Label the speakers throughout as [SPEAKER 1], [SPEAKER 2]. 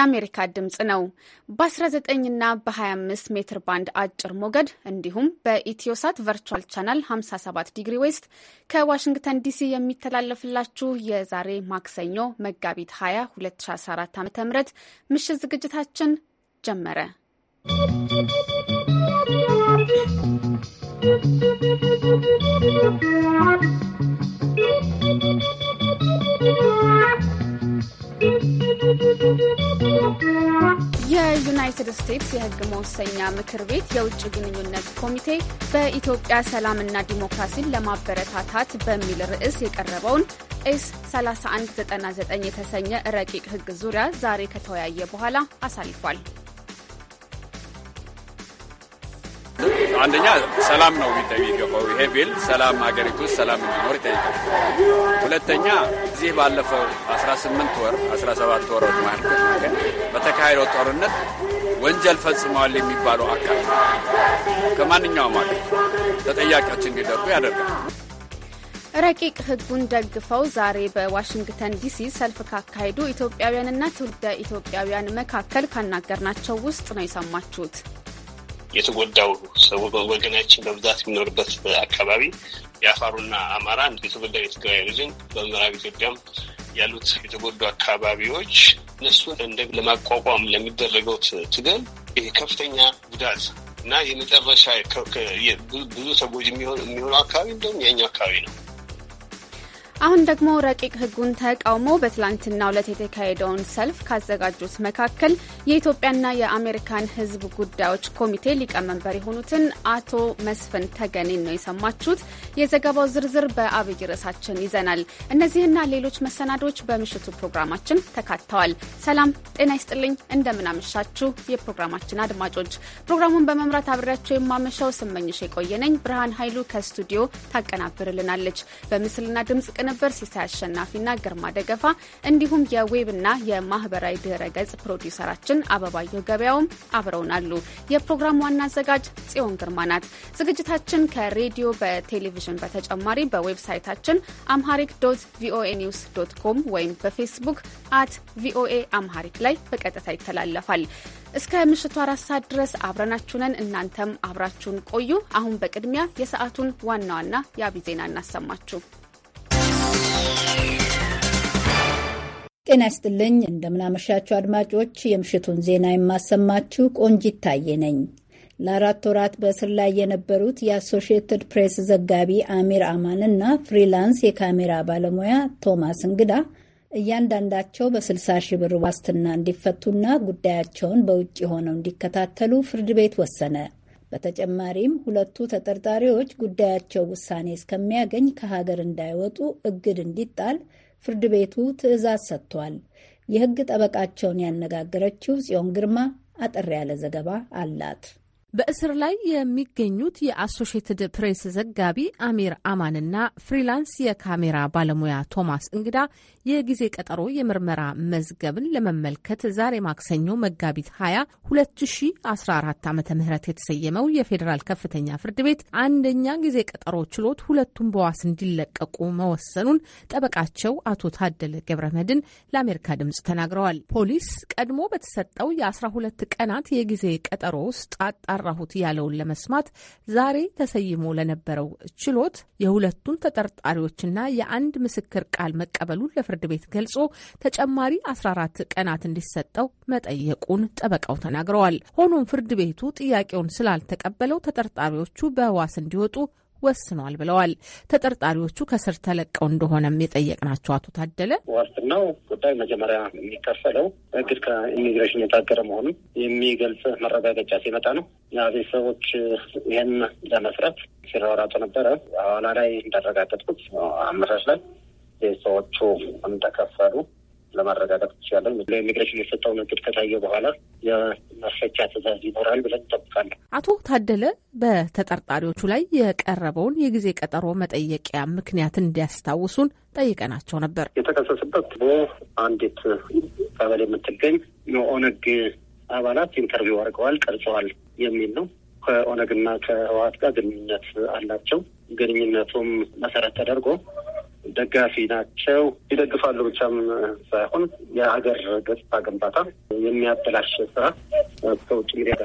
[SPEAKER 1] የአሜሪካ ድምፅ ነው። በ19ና በ25 ሜትር ባንድ አጭር ሞገድ እንዲሁም በኢትዮሳት ቨርቹዋል ቻናል 57 ዲግሪ ዌስት ከዋሽንግተን ዲሲ የሚተላለፍላችሁ የዛሬ ማክሰኞ መጋቢት 20 2014 ዓ ም ምሽት ዝግጅታችን ጀመረ። ¶¶ የዩናይትድ ስቴትስ የሕግ መወሰኛ ምክር ቤት የውጭ ግንኙነት ኮሚቴ በኢትዮጵያ ሰላምና ዲሞክራሲን ለማበረታታት በሚል ርዕስ የቀረበውን ኤስ 3199 የተሰኘ ረቂቅ ሕግ ዙሪያ ዛሬ ከተወያየ በኋላ አሳልፏል።
[SPEAKER 2] አንደኛ ሰላም ነው የሚጠይቀው። ይሄ ቢል ሰላም ሀገሪቱ ውስጥ ሰላም እንዲኖር ይጠይቃል። ሁለተኛ እዚህ ባለፈው 18 ወር 17 ወር ማለት በተካሄደው ጦርነት ወንጀል ፈጽመዋል የሚባለው አካል ከማንኛውም አ ተጠያቂዎች እንዲደርጉ ያደርጋል።
[SPEAKER 1] ረቂቅ ሕጉን ደግፈው ዛሬ በዋሽንግተን ዲሲ ሰልፍ ካካሄዱ ኢትዮጵያውያንና ትውልደ ኢትዮጵያውያን መካከል ካናገርናቸው ውስጥ ነው የሰማችሁት።
[SPEAKER 3] የተጎዳው ወገናችን በብዛት የሚኖርበት አካባቢ የአፋሩና አማራ የተጎዳው የትግራይ ሪጅን በምዕራብ ኢትዮጵያም ያሉት የተጎዱ አካባቢዎች እነሱን እንደ ለማቋቋም ለሚደረገው ትግል ከፍተኛ ጉዳት እና የመጨረሻ ብዙ ተጎጂ የሚሆኑ አካባቢ እንደውም የኛው አካባቢ ነው።
[SPEAKER 1] አሁን ደግሞ ረቂቅ ህጉን ተቃውሞ በትላንትናው ዕለት የተካሄደውን ሰልፍ ካዘጋጁት መካከል የኢትዮጵያና የአሜሪካን ህዝብ ጉዳዮች ኮሚቴ ሊቀመንበር የሆኑትን አቶ መስፍን ተገኔን ነው የሰማችሁት። የዘገባው ዝርዝር በአብይ ርዕሳችን ይዘናል። እነዚህና ሌሎች መሰናዶች በምሽቱ ፕሮግራማችን ተካተዋል። ሰላም ጤና ይስጥልኝ። እንደምናመሻችሁ የፕሮግራማችን አድማጮች፣ ፕሮግራሙን በመምራት አብሬያቸው የማመሻው ስመኝሽ የቆየነኝ ብርሃን ኃይሉ ከስቱዲዮ ታቀናብርልናለች በምስልና ድምጽ ቅን ነበር። ሲሳይ አሸናፊና ግርማ ደገፋ እንዲሁም የዌብና የማህበራዊ ድረ ገጽ ፕሮዲውሰራችን አበባየሁ ገበያውም አብረውናሉ። የፕሮግራሙ ዋና አዘጋጅ ጽዮን ግርማ ናት። ዝግጅታችን ከሬዲዮ በቴሌቪዥን በተጨማሪ በዌብሳይታችን አምሃሪክ ዶት ቪኦኤ ኒውስ ዶት ኮም ወይም በፌስቡክ አት ቪኦኤ አምሃሪክ ላይ በቀጥታ ይተላለፋል። እስከ ምሽቱ አራት ሰዓት ድረስ አብረናችሁነን እናንተም አብራችሁን ቆዩ። አሁን በቅድሚያ የሰዓቱን ዋና ዋና የአብይ ዜና እናሰማችሁ።
[SPEAKER 4] ጤና ይስጥልኝ እንደምናመሻችሁ አድማጮች፣ የምሽቱን ዜና የማሰማችሁ ቆንጂት ታዬ ነኝ። ለአራት ወራት በእስር ላይ የነበሩት የአሶሽየትድ ፕሬስ ዘጋቢ አሚር አማን እና ፍሪላንስ የካሜራ ባለሙያ ቶማስ እንግዳ እያንዳንዳቸው በ60 ሺህ ብር ዋስትና እንዲፈቱና ጉዳያቸውን በውጭ ሆነው እንዲከታተሉ ፍርድ ቤት ወሰነ። በተጨማሪም ሁለቱ ተጠርጣሪዎች ጉዳያቸው ውሳኔ እስከሚያገኝ ከሀገር እንዳይወጡ እግድ እንዲጣል ፍርድ ቤቱ ትዕዛዝ ሰጥቷል። የህግ ጠበቃቸውን ያነጋገረችው ጽዮን ግርማ አጠር ያለ ዘገባ አላት። በእስር ላይ የሚገኙት
[SPEAKER 5] የአሶሽየትድ ፕሬስ ዘጋቢ አሚር አማንና ፍሪላንስ የካሜራ ባለሙያ ቶማስ እንግዳ የጊዜ ቀጠሮ የምርመራ መዝገብን ለመመልከት ዛሬ ማክሰኞ መጋቢት 20 2014 ዓ ም የተሰየመው የፌዴራል ከፍተኛ ፍርድ ቤት አንደኛ ጊዜ ቀጠሮ ችሎት ሁለቱም በዋስ እንዲለቀቁ መወሰኑን ጠበቃቸው አቶ ታደለ ገብረ መድን ለአሜሪካ ድምጽ ተናግረዋል። ፖሊስ ቀድሞ በተሰጠው የ12 ቀናት የጊዜ ቀጠሮ ውስጥ አጣ ሰራሁት ያለውን ለመስማት ዛሬ ተሰይሞ ለነበረው ችሎት የሁለቱን ተጠርጣሪዎችና የአንድ ምስክር ቃል መቀበሉን ለፍርድ ቤት ገልጾ ተጨማሪ 14 ቀናት እንዲሰጠው መጠየቁን ጠበቃው ተናግረዋል። ሆኖም ፍርድ ቤቱ ጥያቄውን ስላልተቀበለው ተጠርጣሪዎቹ በዋስ እንዲወጡ ወስኗል ብለዋል። ተጠርጣሪዎቹ ከስር ተለቀው እንደሆነም የጠየቅናቸው አቶ ታደለ
[SPEAKER 6] ዋስትናው ጉዳይ መጀመሪያ የሚከፈለው እግድ ከኢሚግሬሽን የታገረ መሆኑን የሚገልጽ መረጋገጫ ሲመጣ ነው። ቤተሰቦች ይህን ለመስረት ሲራወራጡ ነበረ። ኋላ ላይ እንዳረጋገጥኩት አመሻሽ ላይ ቤተሰቦቹ እንደከፈሉ ለማረጋገጥ ይቻላል። ለኢሚግሬሽን የሰጠው ነጥብ ከታየ በኋላ የማስፈቻ ትዕዛዝ ይኖራል ብለን እንጠብቃለን።
[SPEAKER 5] አቶ ታደለ በተጠርጣሪዎቹ ላይ የቀረበውን የጊዜ ቀጠሮ መጠየቂያ ምክንያት እንዲያስታውሱን ጠይቀናቸው ነበር።
[SPEAKER 6] የተከሰሱበት ቦ ቀበሌ የምትገኝ የኦነግ አባላት ኢንተርቪው አድርገዋል፣ ቀርጸዋል የሚል ነው። ከኦነግና ከህወሓት ጋር ግንኙነት አላቸው። ግንኙነቱም መሰረት ተደርጎ ደጋፊ ናቸው። ይደግፋሉ ብቻም ሳይሆን የሀገር ገጽታ ግንባታ የሚያበላሽ ስራ ከውጭ ሚዲያ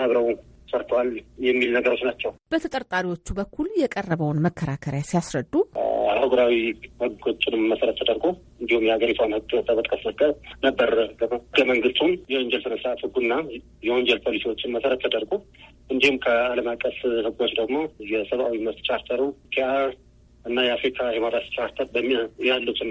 [SPEAKER 6] አብረው ሰርተዋል የሚል ነገሮች ናቸው።
[SPEAKER 5] በተጠርጣሪዎቹ በኩል የቀረበውን መከራከሪያ ሲያስረዱ
[SPEAKER 6] አህጉራዊ ሕጎችንም መሰረት ተደርጎ እንዲሁም የሀገሪቷን ሕግ በመጥቀስ ነበር ሕገ መንግስቱም የወንጀል ስነ ስርዓት ሕጉና የወንጀል ፖሊሲዎችን መሰረት ተደርጎ እንዲሁም ከዓለም አቀፍ ሕጎች ደግሞ የሰብአዊ መብት ቻርተሩ ፒአር እና የአፍሪካ ሂውማን ቻርተር ያሉትን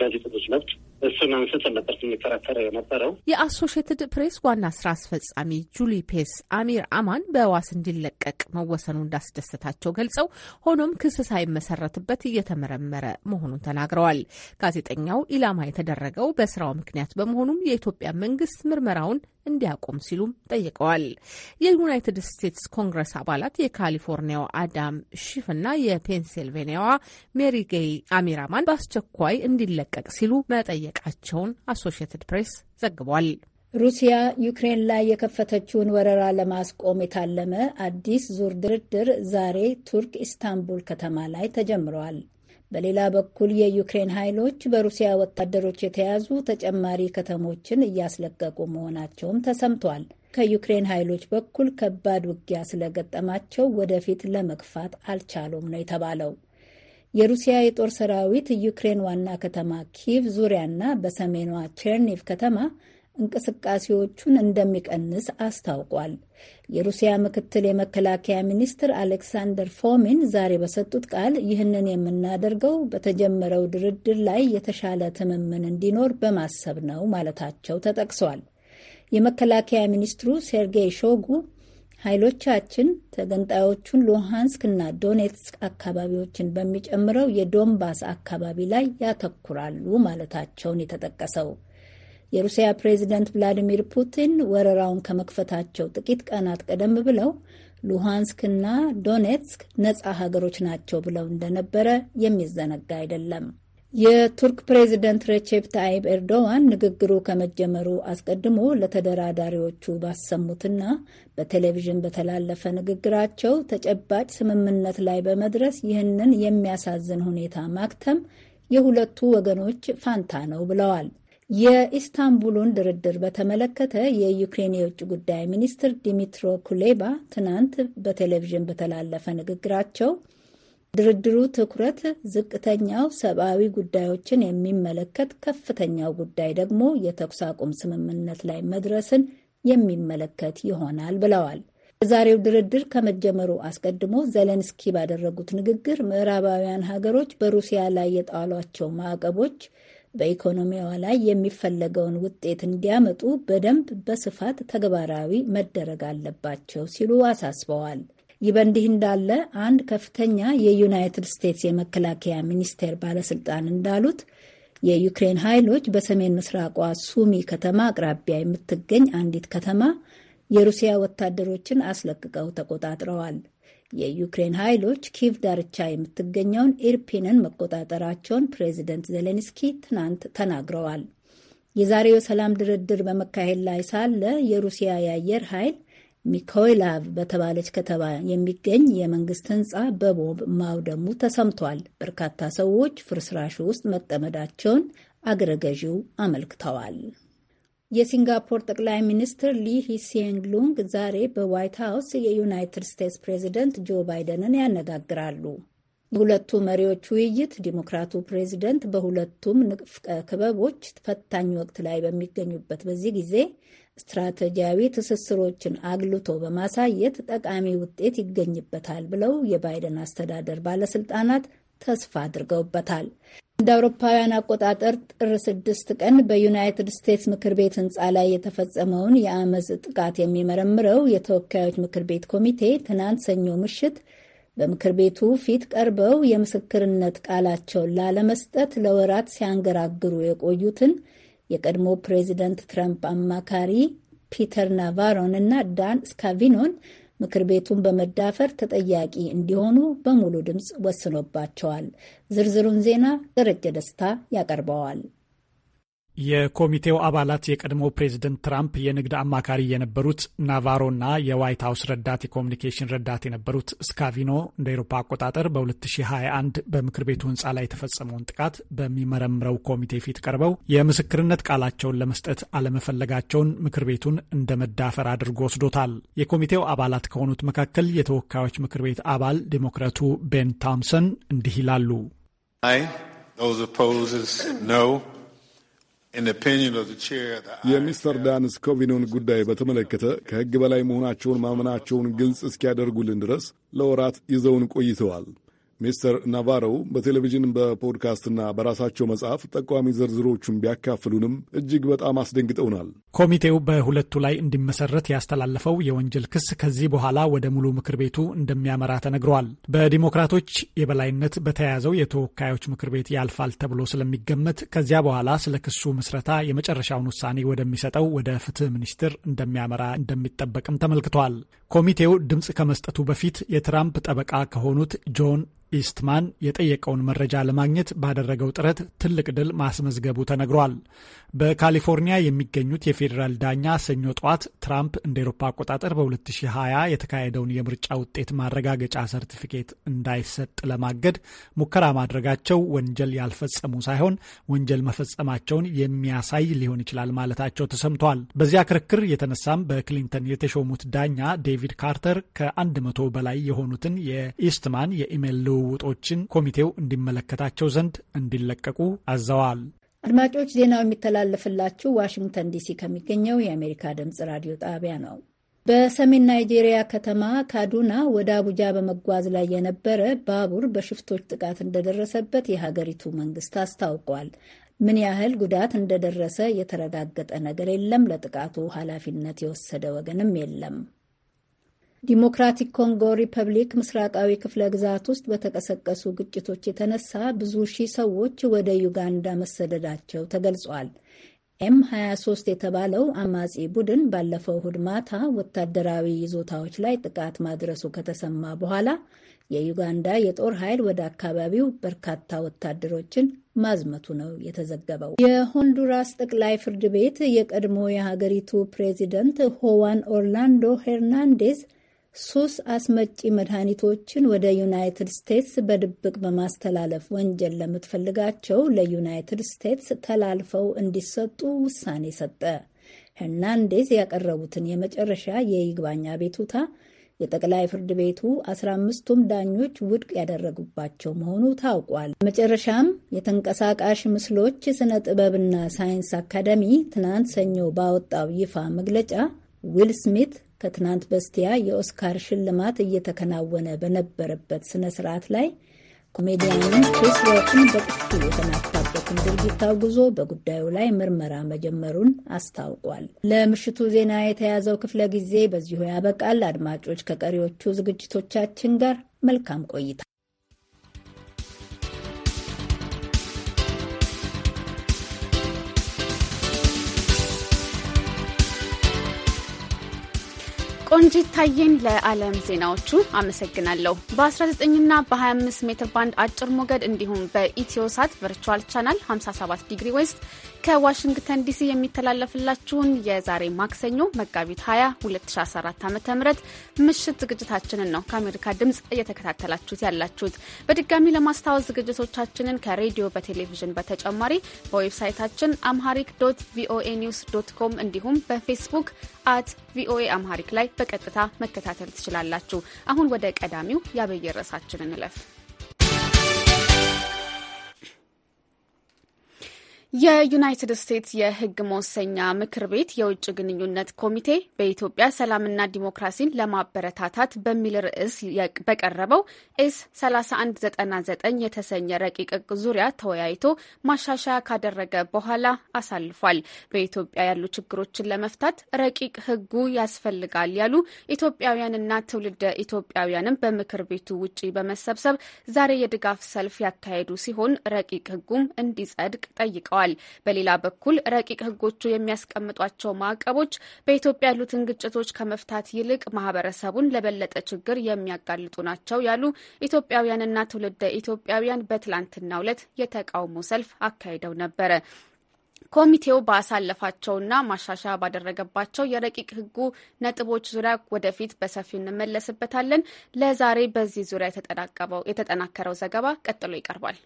[SPEAKER 6] ጋዜጠኞች መብት እሱን አንስተን ነበር የሚከራከር የነበረው።
[SPEAKER 5] የአሶሽትድ ፕሬስ ዋና ስራ አስፈጻሚ ጁሊ ፔስ አሚር አማን በዋስ እንዲለቀቅ መወሰኑ እንዳስደሰታቸው ገልጸው ሆኖም ክስ ሳይመሰረትበት እየተመረመረ መሆኑን ተናግረዋል። ጋዜጠኛው ኢላማ የተደረገው በስራው ምክንያት በመሆኑም የኢትዮጵያ መንግስት ምርመራውን እንዲያቆም ሲሉም ጠይቀዋል። የዩናይትድ ስቴትስ ኮንግረስ አባላት የካሊፎርኒያው አዳም ሺፍ እና የፔንሲልቬኒያዋ ሜሪ ጌይ አሚራማን በአስቸኳይ እንዲለቀቅ ሲሉ መጠየቃቸውን አሶሺየትድ ፕሬስ ዘግቧል።
[SPEAKER 4] ሩሲያ ዩክሬን ላይ የከፈተችውን ወረራ ለማስቆም የታለመ አዲስ ዙር ድርድር ዛሬ ቱርክ ኢስታንቡል ከተማ ላይ ተጀምረዋል። በሌላ በኩል የዩክሬን ኃይሎች በሩሲያ ወታደሮች የተያዙ ተጨማሪ ከተሞችን እያስለቀቁ መሆናቸውም ተሰምቷል። ከዩክሬን ኃይሎች በኩል ከባድ ውጊያ ስለገጠማቸው ወደፊት ለመግፋት አልቻሉም ነው የተባለው። የሩሲያ የጦር ሰራዊት ዩክሬን ዋና ከተማ ኪቭ ዙሪያና በሰሜኗ ቼርኒቭ ከተማ እንቅስቃሴዎቹን እንደሚቀንስ አስታውቋል። የሩሲያ ምክትል የመከላከያ ሚኒስትር አሌክሳንደር ፎሚን ዛሬ በሰጡት ቃል ይህንን የምናደርገው በተጀመረው ድርድር ላይ የተሻለ ትምምን እንዲኖር በማሰብ ነው ማለታቸው ተጠቅሷል። የመከላከያ ሚኒስትሩ ሴርጌይ ሾጉ ኃይሎቻችን ተገንጣዮቹን ሉሃንስክ እና ዶኔትስክ አካባቢዎችን በሚጨምረው የዶንባስ አካባቢ ላይ ያተኩራሉ ማለታቸውን የተጠቀሰው የሩሲያ ፕሬዚደንት ቭላዲሚር ፑቲን ወረራውን ከመክፈታቸው ጥቂት ቀናት ቀደም ብለው ሉሃንስክ እና ዶኔትስክ ነጻ ሀገሮች ናቸው ብለው እንደነበረ የሚዘነጋ አይደለም። የቱርክ ፕሬዚደንት ሬቼፕ ታይብ ኤርዶዋን ንግግሩ ከመጀመሩ አስቀድሞ ለተደራዳሪዎቹ ባሰሙትና በቴሌቪዥን በተላለፈ ንግግራቸው ተጨባጭ ስምምነት ላይ በመድረስ ይህንን የሚያሳዝን ሁኔታ ማክተም የሁለቱ ወገኖች ፋንታ ነው ብለዋል። የኢስታንቡሉን ድርድር በተመለከተ የዩክሬን የውጭ ጉዳይ ሚኒስትር ዲሚትሮ ኩሌባ ትናንት በቴሌቪዥን በተላለፈ ንግግራቸው ድርድሩ ትኩረት ዝቅተኛው ሰብአዊ ጉዳዮችን የሚመለከት ከፍተኛው ጉዳይ ደግሞ የተኩስ አቁም ስምምነት ላይ መድረስን የሚመለከት ይሆናል ብለዋል። የዛሬው ድርድር ከመጀመሩ አስቀድሞ ዘለንስኪ ባደረጉት ንግግር ምዕራባውያን ሀገሮች በሩሲያ ላይ የጣሏቸው ማዕቀቦች በኢኮኖሚዋ ላይ የሚፈለገውን ውጤት እንዲያመጡ በደንብ በስፋት ተግባራዊ መደረግ አለባቸው ሲሉ አሳስበዋል። ይህ በእንዲህ እንዳለ አንድ ከፍተኛ የዩናይትድ ስቴትስ የመከላከያ ሚኒስቴር ባለስልጣን እንዳሉት የዩክሬን ኃይሎች በሰሜን ምስራቋ ሱሚ ከተማ አቅራቢያ የምትገኝ አንዲት ከተማ የሩሲያ ወታደሮችን አስለቅቀው ተቆጣጥረዋል። የዩክሬን ኃይሎች ኪቭ ዳርቻ የምትገኘውን ኢርፒንን መቆጣጠራቸውን ፕሬዚደንት ዜሌንስኪ ትናንት ተናግረዋል። የዛሬው ሰላም ድርድር በመካሄድ ላይ ሳለ የሩሲያ የአየር ኃይል ሚኮይላቭ በተባለች ከተማ የሚገኝ የመንግስት ህንፃ በቦምብ ማውደሙ ተሰምቷል። በርካታ ሰዎች ፍርስራሹ ውስጥ መጠመዳቸውን አገረ ገዢው አመልክተዋል። የሲንጋፖር ጠቅላይ ሚኒስትር ሊ ሂሲንግ ሉንግ ዛሬ በዋይት ሀውስ የዩናይትድ ስቴትስ ፕሬዚደንት ጆ ባይደንን ያነጋግራሉ። የሁለቱ መሪዎች ውይይት ዲሞክራቱ ፕሬዚደንት በሁለቱም ንፍቀ ክበቦች ፈታኝ ወቅት ላይ በሚገኙበት በዚህ ጊዜ ስትራቴጂያዊ ትስስሮችን አግልቶ በማሳየት ጠቃሚ ውጤት ይገኝበታል ብለው የባይደን አስተዳደር ባለስልጣናት ተስፋ አድርገውበታል። እንደ አውሮፓውያን አቆጣጠር ጥር ስድስት ቀን በዩናይትድ ስቴትስ ምክር ቤት ህንፃ ላይ የተፈጸመውን የአመፅ ጥቃት የሚመረምረው የተወካዮች ምክር ቤት ኮሚቴ ትናንት ሰኞ ምሽት በምክር ቤቱ ፊት ቀርበው የምስክርነት ቃላቸውን ላለመስጠት ለወራት ሲያንገራግሩ የቆዩትን የቀድሞ ፕሬዚደንት ትራምፕ አማካሪ ፒተር ናቫሮን እና ዳን ስካቪኖን ምክር ቤቱን በመዳፈር ተጠያቂ እንዲሆኑ በሙሉ ድምፅ ወስኖባቸዋል። ዝርዝሩን ዜና ደረጀ ደስታ ያቀርበዋል።
[SPEAKER 7] የኮሚቴው አባላት የቀድሞ ፕሬዝደንት ትራምፕ የንግድ አማካሪ የነበሩት ናቫሮ እና የዋይት ሀውስ ረዳት የኮሚኒኬሽን ረዳት የነበሩት ስካቪኖ እንደ ኤሮፓ አቆጣጠር በ2021 በምክር ቤቱ ህንፃ ላይ የተፈጸመውን ጥቃት በሚመረምረው ኮሚቴ ፊት ቀርበው የምስክርነት ቃላቸውን ለመስጠት አለመፈለጋቸውን ምክር ቤቱን እንደ መዳፈር አድርጎ ወስዶታል። የኮሚቴው አባላት ከሆኑት መካከል የተወካዮች ምክር ቤት አባል ዴሞክራቱ ቤን ታምሰን እንዲህ ይላሉ።
[SPEAKER 8] የሚስተር ዳን ስኮቪኖን ጉዳይ በተመለከተ ከሕግ በላይ መሆናቸውን ማመናቸውን ግልጽ እስኪያደርጉልን ድረስ ለወራት ይዘውን ቆይተዋል። ሚስተር ናቫሮ በቴሌቪዥን በፖድካስትና በራሳቸው መጽሐፍ ጠቋሚ ዝርዝሮቹን ቢያካፍሉንም እጅግ በጣም አስደንግጠውናል።
[SPEAKER 7] ኮሚቴው በሁለቱ ላይ እንዲመሰረት ያስተላለፈው የወንጀል ክስ ከዚህ በኋላ ወደ ሙሉ ምክር ቤቱ እንደሚያመራ ተነግሯል። በዲሞክራቶች የበላይነት በተያያዘው የተወካዮች ምክር ቤት ያልፋል ተብሎ ስለሚገመት ከዚያ በኋላ ስለ ክሱ ምስረታ የመጨረሻውን ውሳኔ ወደሚሰጠው ወደ ፍትህ ሚኒስትር እንደሚያመራ እንደሚጠበቅም ተመልክቷል። ኮሚቴው ድምፅ ከመስጠቱ በፊት የትራምፕ ጠበቃ ከሆኑት ጆን ኢስትማን የጠየቀውን መረጃ ለማግኘት ባደረገው ጥረት ትልቅ ድል ማስመዝገቡ ተነግሯል። በካሊፎርኒያ የሚገኙት የፌዴራል ዳኛ ሰኞ ጠዋት ትራምፕ እንደ ኤሮፓ አቆጣጠር በ2020 የተካሄደውን የምርጫ ውጤት ማረጋገጫ ሰርቲፊኬት እንዳይሰጥ ለማገድ ሙከራ ማድረጋቸው ወንጀል ያልፈጸሙ ሳይሆን ወንጀል መፈጸማቸውን የሚያሳይ ሊሆን ይችላል ማለታቸው ተሰምቷል። በዚያ ክርክር የተነሳም በክሊንተን የተሾሙት ዳኛ ዴቪድ ካርተር ከ መቶ በላይ የሆኑትን የኢስትማን የኢሜል ልውውጦችን ኮሚቴው እንዲመለከታቸው ዘንድ እንዲለቀቁ አዘዋል።
[SPEAKER 4] አድማጮች ዜናው የሚተላለፍላችሁ ዋሽንግተን ዲሲ ከሚገኘው የአሜሪካ ድምፅ ራዲዮ ጣቢያ ነው። በሰሜን ናይጄሪያ ከተማ ካዱና ወደ አቡጃ በመጓዝ ላይ የነበረ ባቡር በሽፍቶች ጥቃት እንደደረሰበት የሀገሪቱ መንግስት አስታውቋል። ምን ያህል ጉዳት እንደደረሰ የተረጋገጠ ነገር የለም። ለጥቃቱ ኃላፊነት የወሰደ ወገንም የለም። ዲሞክራቲክ ኮንጎ ሪፐብሊክ ምስራቃዊ ክፍለ ግዛት ውስጥ በተቀሰቀሱ ግጭቶች የተነሳ ብዙ ሺህ ሰዎች ወደ ዩጋንዳ መሰደዳቸው ተገልጿል። ኤም 23 የተባለው አማጺ ቡድን ባለፈው እሁድ ማታ ወታደራዊ ይዞታዎች ላይ ጥቃት ማድረሱ ከተሰማ በኋላ የዩጋንዳ የጦር ኃይል ወደ አካባቢው በርካታ ወታደሮችን ማዝመቱ ነው የተዘገበው። የሆንዱራስ ጠቅላይ ፍርድ ቤት የቀድሞ የሀገሪቱ ፕሬዚደንት ሆዋን ኦርላንዶ ሄርናንዴዝ ሱስ አስመጪ መድኃኒቶችን ወደ ዩናይትድ ስቴትስ በድብቅ በማስተላለፍ ወንጀል ለምትፈልጋቸው ለዩናይትድ ስቴትስ ተላልፈው እንዲሰጡ ውሳኔ ሰጠ። ሄርናንዴዝ ያቀረቡትን የመጨረሻ የይግባኝ አቤቱታ የጠቅላይ ፍርድ ቤቱ አስራ አምስቱም ዳኞች ውድቅ ያደረጉባቸው መሆኑ ታውቋል። መጨረሻም የተንቀሳቃሽ ምስሎች ስነ ጥበብና ሳይንስ አካደሚ ትናንት ሰኞ ባወጣው ይፋ መግለጫ ዊል ስሚት ከትናንት በስቲያ የኦስካር ሽልማት እየተከናወነ በነበረበት ስነ ስርዓት ላይ ኮሜዲያንን ክሪስ ሮክን በጥፊ የተናታበትን ድርጊት ታውግዞ በጉዳዩ ላይ ምርመራ መጀመሩን አስታውቋል። ለምሽቱ ዜና የተያዘው ክፍለ ጊዜ በዚሁ ያበቃል። አድማጮች ከቀሪዎቹ ዝግጅቶቻችን ጋር መልካም ቆይታ
[SPEAKER 1] ቆንጂ ታየን ለዓለም ዜናዎቹ አመሰግናለሁ። በ19ና በ25 ሜትር ባንድ አጭር ሞገድ እንዲሁም በኢትዮሳት ቨርቹዋል ቻናል 57 ዲግሪ ዌስት ከዋሽንግተን ዲሲ የሚተላለፍላችሁን የዛሬ ማክሰኞ መጋቢት 20 2014 ዓ ም ምሽት ዝግጅታችንን ነው ከአሜሪካ ድምፅ እየተከታተላችሁት ያላችሁት። በድጋሚ ለማስታወስ ዝግጅቶቻችንን ከሬዲዮ በቴሌቪዥን በተጨማሪ በዌብሳይታችን አምሃሪክ ዶት ቪኦኤ ኒውስ ዶት ኮም እንዲሁም በፌስቡክ አት ቪኦኤ አምሃሪክ ላይ በቀጥታ መከታተል ትችላላችሁ። አሁን ወደ ቀዳሚው ያበየረሳችን እንለፍ። የዩናይትድ ስቴትስ የሕግ መወሰኛ ምክር ቤት የውጭ ግንኙነት ኮሚቴ በኢትዮጵያ ሰላምና ዲሞክራሲን ለማበረታታት በሚል ርዕስ በቀረበው ኤስ 3199 የተሰኘ ረቂቅ ዙሪያ ተወያይቶ ማሻሻያ ካደረገ በኋላ አሳልፏል። በኢትዮጵያ ያሉ ችግሮችን ለመፍታት ረቂቅ ሕጉ ያስፈልጋል ያሉ ኢትዮጵያውያንና ትውልደ ኢትዮጵያውያንም በምክር ቤቱ ውጪ በመሰብሰብ ዛሬ የድጋፍ ሰልፍ ያካሄዱ ሲሆን ረቂቅ ሕጉም እንዲጸድቅ ጠይቀዋል። ብለዋል። በሌላ በኩል ረቂቅ ህጎቹ የሚያስቀምጧቸው ማዕቀቦች በኢትዮጵያ ያሉትን ግጭቶች ከመፍታት ይልቅ ማህበረሰቡን ለበለጠ ችግር የሚያጋልጡ ናቸው ያሉ ኢትዮጵያውያንና ትውልደ ኢትዮጵያውያን በትላንትናው ዕለት የተቃውሞ ሰልፍ አካሂደው ነበረ። ኮሚቴው ባሳለፋቸውና ማሻሻያ ባደረገባቸው የረቂቅ ህጉ ነጥቦች ዙሪያ ወደፊት በሰፊው እንመለስበታለን። ለዛሬ በዚህ ዙሪያ የተጠናከረው ዘገባ ቀጥሎ ይቀርባል።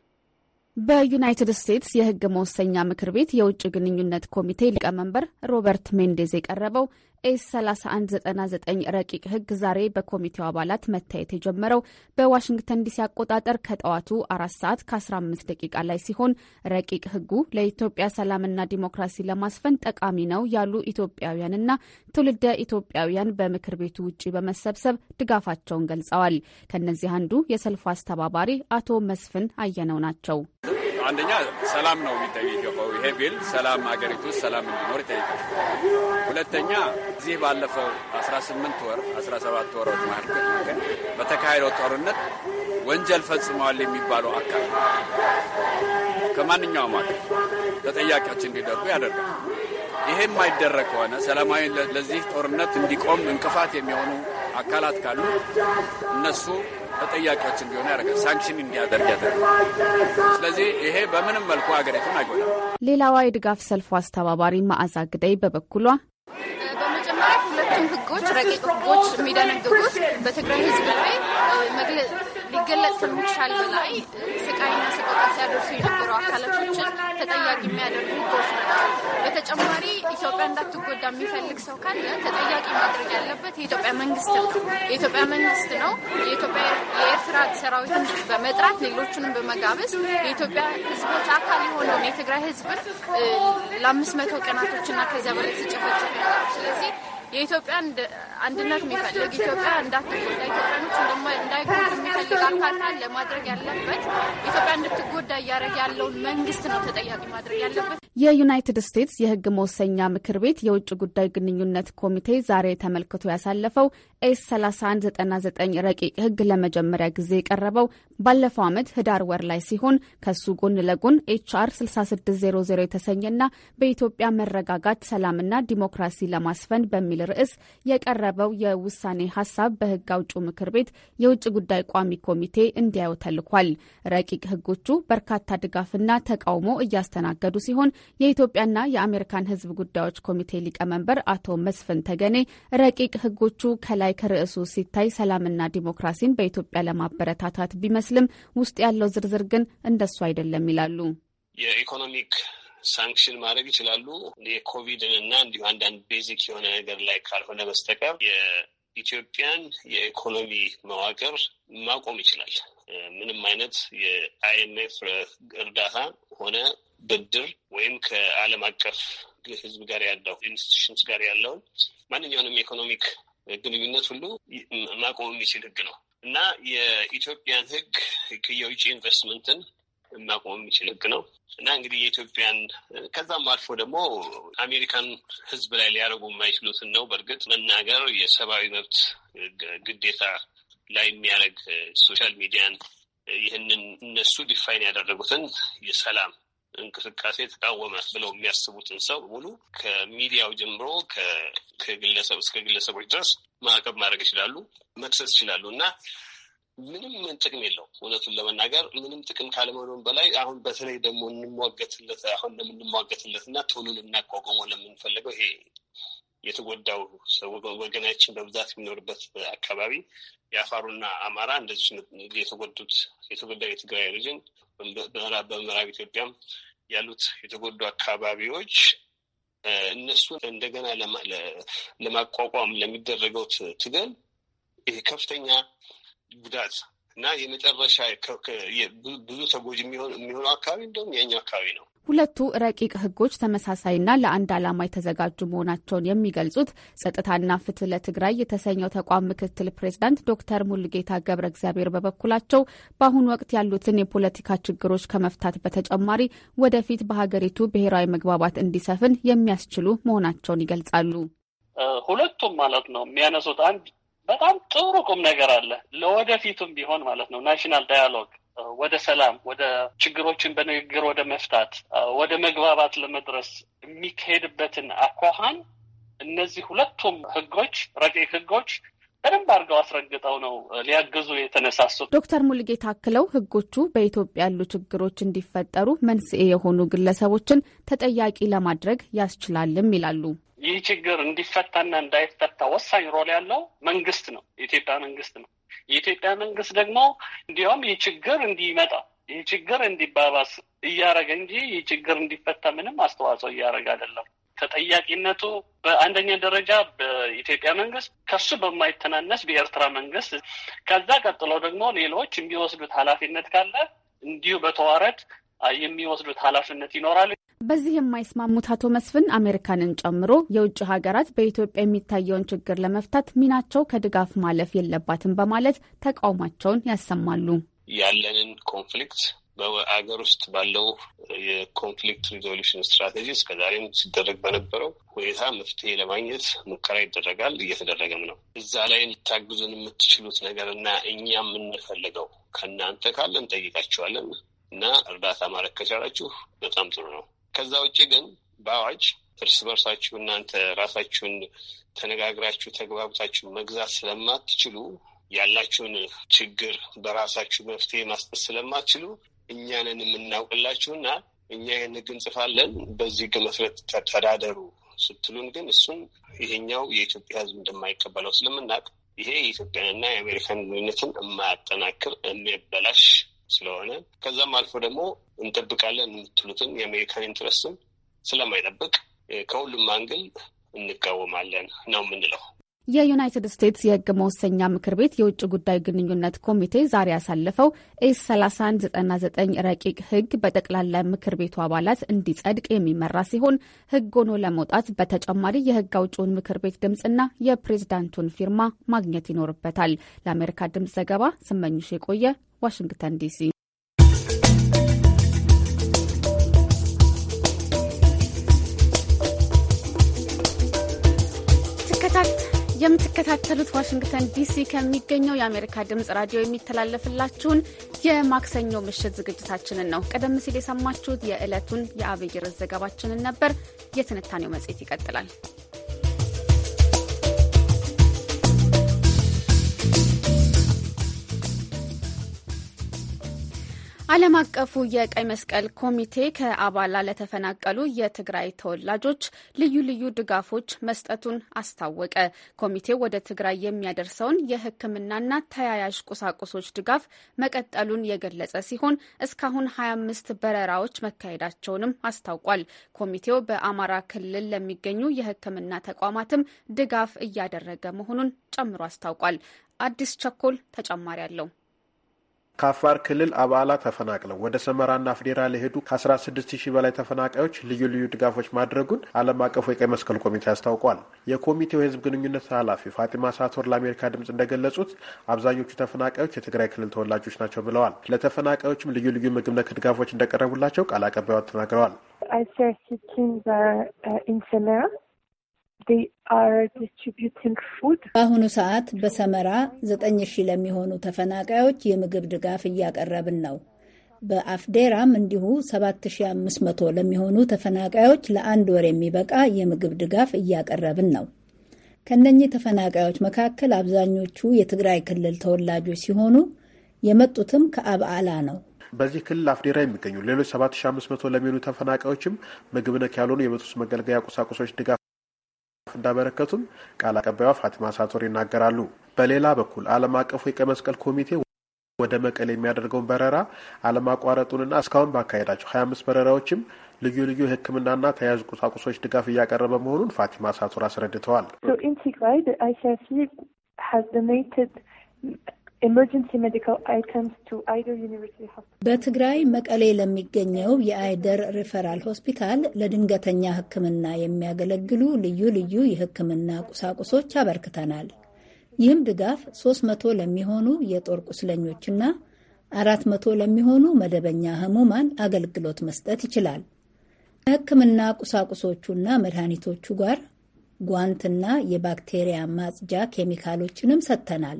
[SPEAKER 1] በዩናይትድ ስቴትስ የህግ መወሰኛ ምክር ቤት የውጭ ግንኙነት ኮሚቴ ሊቀመንበር ሮበርት ሜንዴዝ የቀረበው ኤስ 3199 ረቂቅ ሕግ ዛሬ በኮሚቴው አባላት መታየት የጀመረው በዋሽንግተን ዲሲ አቆጣጠር ከጠዋቱ 4 ሰዓት ከ15 ደቂቃ ላይ ሲሆን ረቂቅ ሕጉ ለኢትዮጵያ ሰላምና ዲሞክራሲ ለማስፈን ጠቃሚ ነው ያሉ ኢትዮጵያውያንና ትውልደ ኢትዮጵያውያን በምክር ቤቱ ውጭ በመሰብሰብ ድጋፋቸውን ገልጸዋል። ከእነዚህ አንዱ የሰልፉ አስተባባሪ አቶ መስፍን አየነው ናቸው።
[SPEAKER 9] አንደኛ ሰላም ነው
[SPEAKER 2] የሚጠይቀው። ይሄ ቢል ሰላም አገሪቱ ውስጥ ሰላም እንዲኖር ይጠይቃል። ሁለተኛ እዚህ ባለፈው 18 ወር 17 ወሮች መሀል በተካሄደው ጦርነት ወንጀል ፈጽመዋል የሚባለው አካል ከማንኛውም አካል ተጠያቂዎች እንዲደርጉ ያደርጋል። ይሄ የማይደረግ ከሆነ ሰላማዊ ለዚህ ጦርነት እንዲቆም እንቅፋት የሚሆኑ አካላት ካሉ እነሱ ተጠያቂዎች እንዲሆኑ ያደርጋል፣ ሳንክሽን እንዲያደርግ ያደርጋል። ስለዚህ ይሄ በምንም መልኩ ሀገሪቱን አይጎዳም።
[SPEAKER 1] ሌላዋ የድጋፍ ሰልፉ አስተባባሪ መዓዛ ግዳይ በበኩሏ ያሉትን ህጎች፣ ረቂቅ ህጎች የሚደነግጉት በትግራይ ህዝብ ላይ ሊገለጽ ከሚቻል በላይ ስቃይና ስቆጣ ሲያደርሱ የነበሩ አካላቶችን ተጠያቂ የሚያደርጉ ህጎች ናቸው። በተጨማሪ ኢትዮጵያ እንዳትጎዳ የሚፈልግ ሰው ካለ ተጠያቂ ማድረግ ያለበት የኢትዮጵያ መንግስት ነው የኢትዮጵያ መንግስት ነው። የኢትዮጵያ የኤርትራ ሰራዊትን በመጥራት ሌሎችንም በመጋበዝ የኢትዮጵያ ህዝቦች አካል የሆነውን የትግራይ ህዝብን ለአምስት መቶ ቀናቶችና ከዚያ በላይ ሲጨፈጭፍ ያለ ስለዚህ የኢትዮጵያ አንድነት የሚፈልግ ኢትዮጵያ እንዳትጎዳ ኢትዮጵያኖች እንዳይጎዱ የሚፈልግ አካል ለማድረግ ያለበት ኢትዮጵያ እንድትጎዳ እያደረግ ያለውን መንግስት ነው ተጠያቂ ማድረግ ያለበት። የዩናይትድ ስቴትስ የሕግ መወሰኛ ምክር ቤት የውጭ ጉዳይ ግንኙነት ኮሚቴ ዛሬ ተመልክቶ ያሳለፈው ኤስ 3199 ረቂቅ ህግ ለመጀመሪያ ጊዜ የቀረበው ባለፈው ዓመት ህዳር ወር ላይ ሲሆን ከሱ ጎን ለጎን ኤችአር 6600 የተሰኘና በኢትዮጵያ መረጋጋት ሰላምና ዲሞክራሲ ለማስፈን በሚል ርዕስ የቀረበው የውሳኔ ሀሳብ በህግ አውጪው ምክር ቤት የውጭ ጉዳይ ቋሚ ኮሚቴ እንዲያዩ ተልኳል። ረቂቅ ህጎቹ በርካታ ድጋፍና ተቃውሞ እያስተናገዱ ሲሆን የኢትዮጵያና የአሜሪካን ህዝብ ጉዳዮች ኮሚቴ ሊቀመንበር አቶ መስፍን ተገኔ ረቂቅ ህጎቹ ከላይ ከርዕሱ ሲታይ ሰላምና ዲሞክራሲን በኢትዮጵያ ለማበረታታት ቢመስልም ውስጥ ያለው ዝርዝር ግን እንደሱ አይደለም ይላሉ።
[SPEAKER 3] የኢኮኖሚክ ሳንክሽን ማድረግ ይችላሉ። የኮቪድን እና እንዲሁ አንዳንድ ቤዚክ የሆነ ነገር ላይ ካልሆነ በስተቀር የኢትዮጵያን የኢኮኖሚ መዋቅር ማቆም ይችላል። ምንም አይነት የአይኤምኤፍ እርዳታ ሆነ ብድር ወይም ከዓለም አቀፍ ሕዝብ ጋር ያለው ኢንስቲቱሽንስ ጋር ያለውን ማንኛውንም የኢኮኖሚክ ግንኙነት ሁሉ ማቆም የሚችል ህግ ነው እና የኢትዮጵያን ህግ የውጭ ኢንቨስትመንትን ማቆም የሚችል ህግ ነው እና እንግዲህ የኢትዮጵያን ከዛም አልፎ ደግሞ አሜሪካን ህዝብ ላይ ሊያደርጉ የማይችሉትን ነው። በእርግጥ መናገር የሰብአዊ መብት ግዴታ ላይ የሚያደርግ ሶሻል ሚዲያን ይህንን እነሱ ዲፋይን ያደረጉትን የሰላም እንቅስቃሴ ተቃወመ ብለው የሚያስቡትን ሰው ሙሉ ከሚዲያው ጀምሮ ከግለሰብ እስከ ግለሰቦች ድረስ ማዕቀብ ማድረግ ይችላሉ፣ መክሰስ ይችላሉ እና ምንም ጥቅም የለውም። እውነቱን ለመናገር ምንም ጥቅም ካለመኖን በላይ አሁን በተለይ ደግሞ እንሟገትለት አሁን ለምንሟገትለት እና ቶሎ ልናቋቋመ ለምንፈለገው ይሄ የተጎዳው ወገናችን በብዛት የሚኖርበት አካባቢ የአፋሩና አማራ እንደዚህ የተጎዱት የተጎዳው የትግራይ ሪጅን በምዕራብ ኢትዮጵያም ያሉት የተጎዱ አካባቢዎች እነሱን እንደገና ለማቋቋም ለሚደረገው ትግል ይህ ከፍተኛ ጉዳት እና የመጨረሻ ብዙ ተጎጂ የሚሆነው አካባቢ እንደውም የኛው አካባቢ ነው።
[SPEAKER 1] ሁለቱ ረቂቅ ህጎች ተመሳሳይና ለአንድ ዓላማ የተዘጋጁ መሆናቸውን የሚገልጹት ጸጥታና ፍትህ ለትግራይ የተሰኘው ተቋም ምክትል ፕሬዚዳንት ዶክተር ሙሉጌታ ገብረ እግዚአብሔር በበኩላቸው በአሁኑ ወቅት ያሉትን የፖለቲካ ችግሮች ከመፍታት በተጨማሪ ወደፊት በሀገሪቱ ብሔራዊ መግባባት እንዲሰፍን የሚያስችሉ መሆናቸውን ይገልጻሉ።
[SPEAKER 3] ሁለቱም ማለት ነው የሚያነሱት አንድ በጣም ጥሩ ቁም ነገር አለ። ለወደፊቱም ቢሆን ማለት ነው ናሽናል ዳያሎግ ወደ ሰላም፣ ወደ ችግሮችን በንግግር ወደ መፍታት፣ ወደ መግባባት ለመድረስ የሚካሄድበትን
[SPEAKER 6] አኳኋን እነዚህ ሁለቱም
[SPEAKER 3] ህጎች፣ ረቂቅ ህጎች በደንብ አድርገው አስረግጠው ነው ሊያግዙ የተነሳሱት።
[SPEAKER 1] ዶክተር ሙልጌታ አክለው ህጎቹ በኢትዮጵያ ያሉ ችግሮች እንዲፈጠሩ መንስኤ የሆኑ ግለሰቦችን ተጠያቂ ለማድረግ ያስችላልም ይላሉ።
[SPEAKER 3] ይህ ችግር እንዲፈታና እንዳይፈታ ወሳኝ ሮል ያለው መንግስት ነው፣ የኢትዮጵያ መንግስት ነው። የኢትዮጵያ መንግስት ደግሞ እንዲያውም ይህ ችግር እንዲመጣ ይህ ችግር እንዲባባስ እያደረገ እንጂ ይህ ችግር እንዲፈታ ምንም አስተዋጽኦ እያደረገ አይደለም። ተጠያቂነቱ በአንደኛ ደረጃ በኢትዮጵያ መንግስት ከሱ በማይተናነስ በኤርትራ መንግስት፣ ከዛ ቀጥሎ ደግሞ ሌሎች የሚወስዱት ኃላፊነት ካለ እንዲሁ በተዋረድ የሚወስዱት ኃላፊነት ይኖራል።
[SPEAKER 1] በዚህ የማይስማሙት አቶ መስፍን አሜሪካንን ጨምሮ የውጭ ሀገራት በኢትዮጵያ የሚታየውን ችግር ለመፍታት ሚናቸው ከድጋፍ ማለፍ የለባትም በማለት ተቃውሟቸውን ያሰማሉ።
[SPEAKER 3] ያለንን ኮንፍሊክት በአገር ውስጥ ባለው የኮንፍሊክት ሪዞሉሽን ስትራቴጂ እስከዛሬም ሲደረግ በነበረው ሁኔታ መፍትሄ ለማግኘት ሙከራ ይደረጋል፣ እየተደረገም ነው። እዛ ላይ ልታግዙን የምትችሉት ነገር እና እኛ የምንፈልገው ከእናንተ ካለ እንጠይቃችኋለን እና እርዳታ ማድረግ ከቻላችሁ በጣም ጥሩ ነው። ከዛ ውጭ ግን በአዋጅ እርስ በርሳችሁ እናንተ ራሳችሁን ተነጋግራችሁ ተግባብታችሁ መግዛት ስለማትችሉ ያላችሁን ችግር በራሳችሁ መፍትሄ ማስጠት ስለማትችሉ እኛንን የምናውቅላችሁና እኛ ይህን ህግ እንጽፋለን፣ በዚህ ህግ መስረት ተዳደሩ ስትሉን ግን እሱም ይሄኛው የኢትዮጵያ ህዝብ እንደማይቀበለው ስለምናውቅ ይሄ የኢትዮጵያንና የአሜሪካን ግንኙነትን የማያጠናክር የሚያበላሽ ስለሆነ ከዛም አልፎ ደግሞ እንጠብቃለን የምትሉትን የአሜሪካን ኢንትረስትም ስለማይጠብቅ ከሁሉም አንግል እንቃወማለን ነው የምንለው።
[SPEAKER 1] የዩናይትድ ስቴትስ የህግ መወሰኛ ምክር ቤት የውጭ ጉዳይ ግንኙነት ኮሚቴ ዛሬ ያሳለፈው ኤስ 3199 ረቂቅ ህግ በጠቅላላ ምክር ቤቱ አባላት እንዲጸድቅ የሚመራ ሲሆን ህግ ሆኖ ለመውጣት በተጨማሪ የህግ አውጭውን ምክር ቤት ድምፅና የፕሬዝዳንቱን ፊርማ ማግኘት ይኖርበታል። ለአሜሪካ ድምፅ ዘገባ ስመኝሽ የቆየ ዋሽንግተን ዲሲ። የምትከታተሉት ዋሽንግተን ዲሲ ከሚገኘው የአሜሪካ ድምፅ ራዲዮ የሚተላለፍላችሁን የማክሰኞ ምሽት ዝግጅታችንን ነው። ቀደም ሲል የሰማችሁት የዕለቱን የአብይር ዘገባችንን ነበር። የትንታኔው መጽሔት ይቀጥላል። ዓለም አቀፉ የቀይ መስቀል ኮሚቴ ከአባላ ለተፈናቀሉ የትግራይ ተወላጆች ልዩ ልዩ ድጋፎች መስጠቱን አስታወቀ። ኮሚቴው ወደ ትግራይ የሚያደርሰውን የሕክምናና ተያያዥ ቁሳቁሶች ድጋፍ መቀጠሉን የገለጸ ሲሆን እስካሁን 25 በረራዎች መካሄዳቸውንም አስታውቋል። ኮሚቴው በአማራ ክልል ለሚገኙ የሕክምና ተቋማትም ድጋፍ እያደረገ መሆኑን ጨምሮ አስታውቋል። አዲስ ቸኮል ተጨማሪ አለው።
[SPEAKER 10] ከአፋር ክልል አባላ ተፈናቅለው ወደ ሰመራና አፍዴራ ሊሄዱ ከ16 ሺህ በላይ ተፈናቃዮች ልዩ ልዩ ድጋፎች ማድረጉን ዓለም አቀፉ የቀይ መስቀል ኮሚቴ አስታውቋል። የኮሚቴው የህዝብ ግንኙነት ኃላፊ ፋጢማ ሳቶር ለአሜሪካ ድምፅ እንደገለጹት አብዛኞቹ ተፈናቃዮች የትግራይ ክልል ተወላጆች ናቸው ብለዋል። ለተፈናቃዮችም ልዩ ልዩ ምግብ ነክ ድጋፎች እንደቀረቡላቸው ቃል አቀባይዋ ተናግረዋል።
[SPEAKER 4] በአሁኑ ሰዓት በሰመራ ዘጠኝ ሺህ ለሚሆኑ ተፈናቃዮች የምግብ ድጋፍ እያቀረብን ነው። በአፍዴራም እንዲሁ 7500 ለሚሆኑ ተፈናቃዮች ለአንድ ወር የሚበቃ የምግብ ድጋፍ እያቀረብን ነው። ከነኚህ ተፈናቃዮች መካከል አብዛኞቹ የትግራይ ክልል ተወላጆች ሲሆኑ የመጡትም ከአብዓላ ነው።
[SPEAKER 10] በዚህ ክልል አፍዴራ የሚገኙ ሌሎች 7500 ለሚሆኑ ተፈናቃዮችም ምግብ ነክ ያልሆኑ የቤት ውስጥ መገልገያ ቁሳቁሶች ድጋፍ እንዳበረከቱም ቃል አቀባይዋ ፋቲማ ሳቶር ይናገራሉ። በሌላ በኩል ዓለም አቀፉ የቀይ መስቀል ኮሚቴ ወደ መቀሌ የሚያደርገውን በረራ አለማቋረጡንና እስካሁን ባካሄዳቸው ሀያ አምስት በረራዎችም ልዩ ልዩ ሕክምናና ተያያዥ ቁሳቁሶች ድጋፍ እያቀረበ መሆኑን ፋቲማ ሳቶር አስረድተዋል።
[SPEAKER 4] በትግራይ መቀሌ ለሚገኘው የአይደር ሪፈራል ሆስፒታል ለድንገተኛ ሕክምና የሚያገለግሉ ልዩ ልዩ የሕክምና ቁሳቁሶች አበርክተናል። ይህም ድጋፍ 300 ለሚሆኑ የጦር ቁስለኞችና 400 ለሚሆኑ መደበኛ ህሙማን አገልግሎት መስጠት ይችላል። ከሕክምና ቁሳቁሶቹና መድኃኒቶቹ ጋር ጓንትና የባክቴሪያ ማጽጃ ኬሚካሎችንም ሰጥተናል።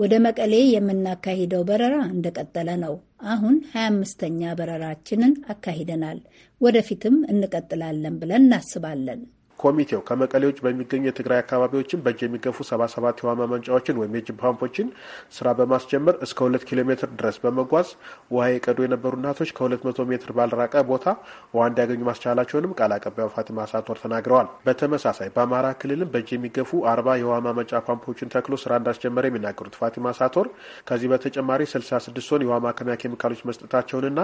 [SPEAKER 4] ወደ መቀሌ የምናካሂደው በረራ እንደቀጠለ ነው። አሁን 25ኛ በረራችንን አካሂደናል። ወደፊትም እንቀጥላለን ብለን እናስባለን።
[SPEAKER 10] ኮሚቴው ከመቀሌ ውጭ በሚገኙ የትግራይ አካባቢዎችን በእጅ የሚገፉ ሰባ ሰባት የውሃ ማመንጫዎችን ወይም የእጅ ፓምፖችን ስራ በማስጀመር እስከ ሁለት ኪሎ ሜትር ድረስ በመጓዝ ውሃ የቀዱ የነበሩ እናቶች ከሁለት መቶ ሜትር ባልራቀ ቦታ ውሃ እንዲያገኙ ማስቻላቸውንም ቃል አቀባዩ ፋቲማ ሳቶር ተናግረዋል። በተመሳሳይ በአማራ ክልልም በእጅ የሚገፉ አርባ የውሃ ማመንጫ ፓምፖችን ተክሎ ስራ እንዳስጀመረ የሚናገሩት ፋቲማ ሳቶር ከዚህ በተጨማሪ ስልሳ ስድስት ቶን የውሃ ማከሚያ ኬሚካሎች መስጠታቸውንና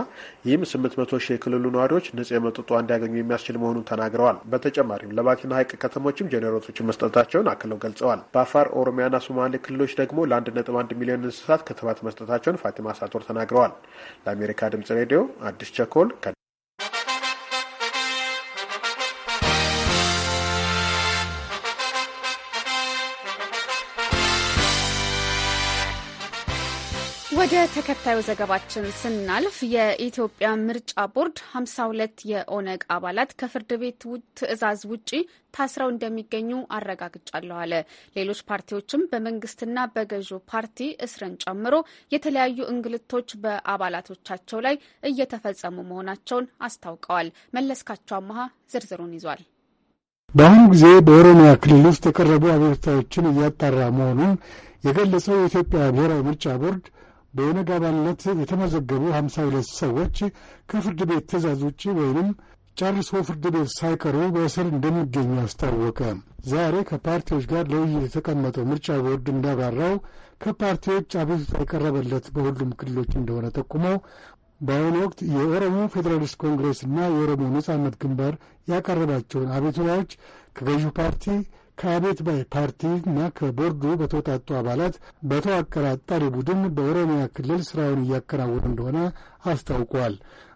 [SPEAKER 10] ይህም ስምንት መቶ ሺህ የክልሉ ነዋሪዎች ንጹህ የመጠጥ ውሃ እንዲያገኙ የሚያስችል መሆኑን ተናግረዋል። በተጨማሪም በባኪና ሀይቅ ከተሞችም ጄኔሬተሮችን መስጠታቸውን አክለው ገልጸዋል። በአፋር ኦሮሚያና ሶማሌ ክልሎች ደግሞ ለአንድ ነጥብ አንድ ሚሊዮን እንስሳት ክትባት መስጠታቸውን ፋቲማ ሳቶር ተናግረዋል። ለአሜሪካ ድምጽ ሬዲዮ አዲስ ቸኮል ወደ
[SPEAKER 1] ተከታዩ ዘገባችን ስናልፍ የኢትዮጵያ ምርጫ ቦርድ 52 የኦነግ አባላት ከፍርድ ቤት ትዕዛዝ ውጪ ታስረው እንደሚገኙ አረጋግጫለሁ አለ። ሌሎች ፓርቲዎችም በመንግስትና በገዢው ፓርቲ እስርን ጨምሮ የተለያዩ እንግልቶች በአባላቶቻቸው ላይ እየተፈጸሙ መሆናቸውን አስታውቀዋል። መለስካቸው አመሃ ዝርዝሩን ይዟል።
[SPEAKER 11] በአሁኑ ጊዜ በኦሮሚያ ክልል ውስጥ የቀረቡ አቤቱታዎችን እያጣራ መሆኑን የገለጸው የኢትዮጵያ ብሔራዊ ምርጫ ቦርድ በኦነግ አባልነት የተመዘገቡ ሀምሳ ሁለት ሰዎች ከፍርድ ቤት ትእዛዝ ውጭ ወይንም ጨርሶ ፍርድ ቤት ሳይቀሩ በእስር እንደሚገኙ አስታወቀ። ዛሬ ከፓርቲዎች ጋር ለውይይት የተቀመጠው ምርጫ ቦርድ እንዳብራራው ከፓርቲዎች አቤቱታ የቀረበለት በሁሉም ክልሎች እንደሆነ ጠቁመው በአሁኑ ወቅት የኦሮሞ ፌዴራሊስት ኮንግሬስና የኦሮሞ ነጻነት ግንባር ያቀረባቸውን አቤቱታዎች ከገዢው ፓርቲ ከአቤት ባይ ፓርቲ እና ከቦርዱ በተውጣጡ አባላት በተዋቀረ አጣሪ ቡድን በኦሮሚያ ክልል ስራውን እያከናወነ እንደሆነ አስታውቋል።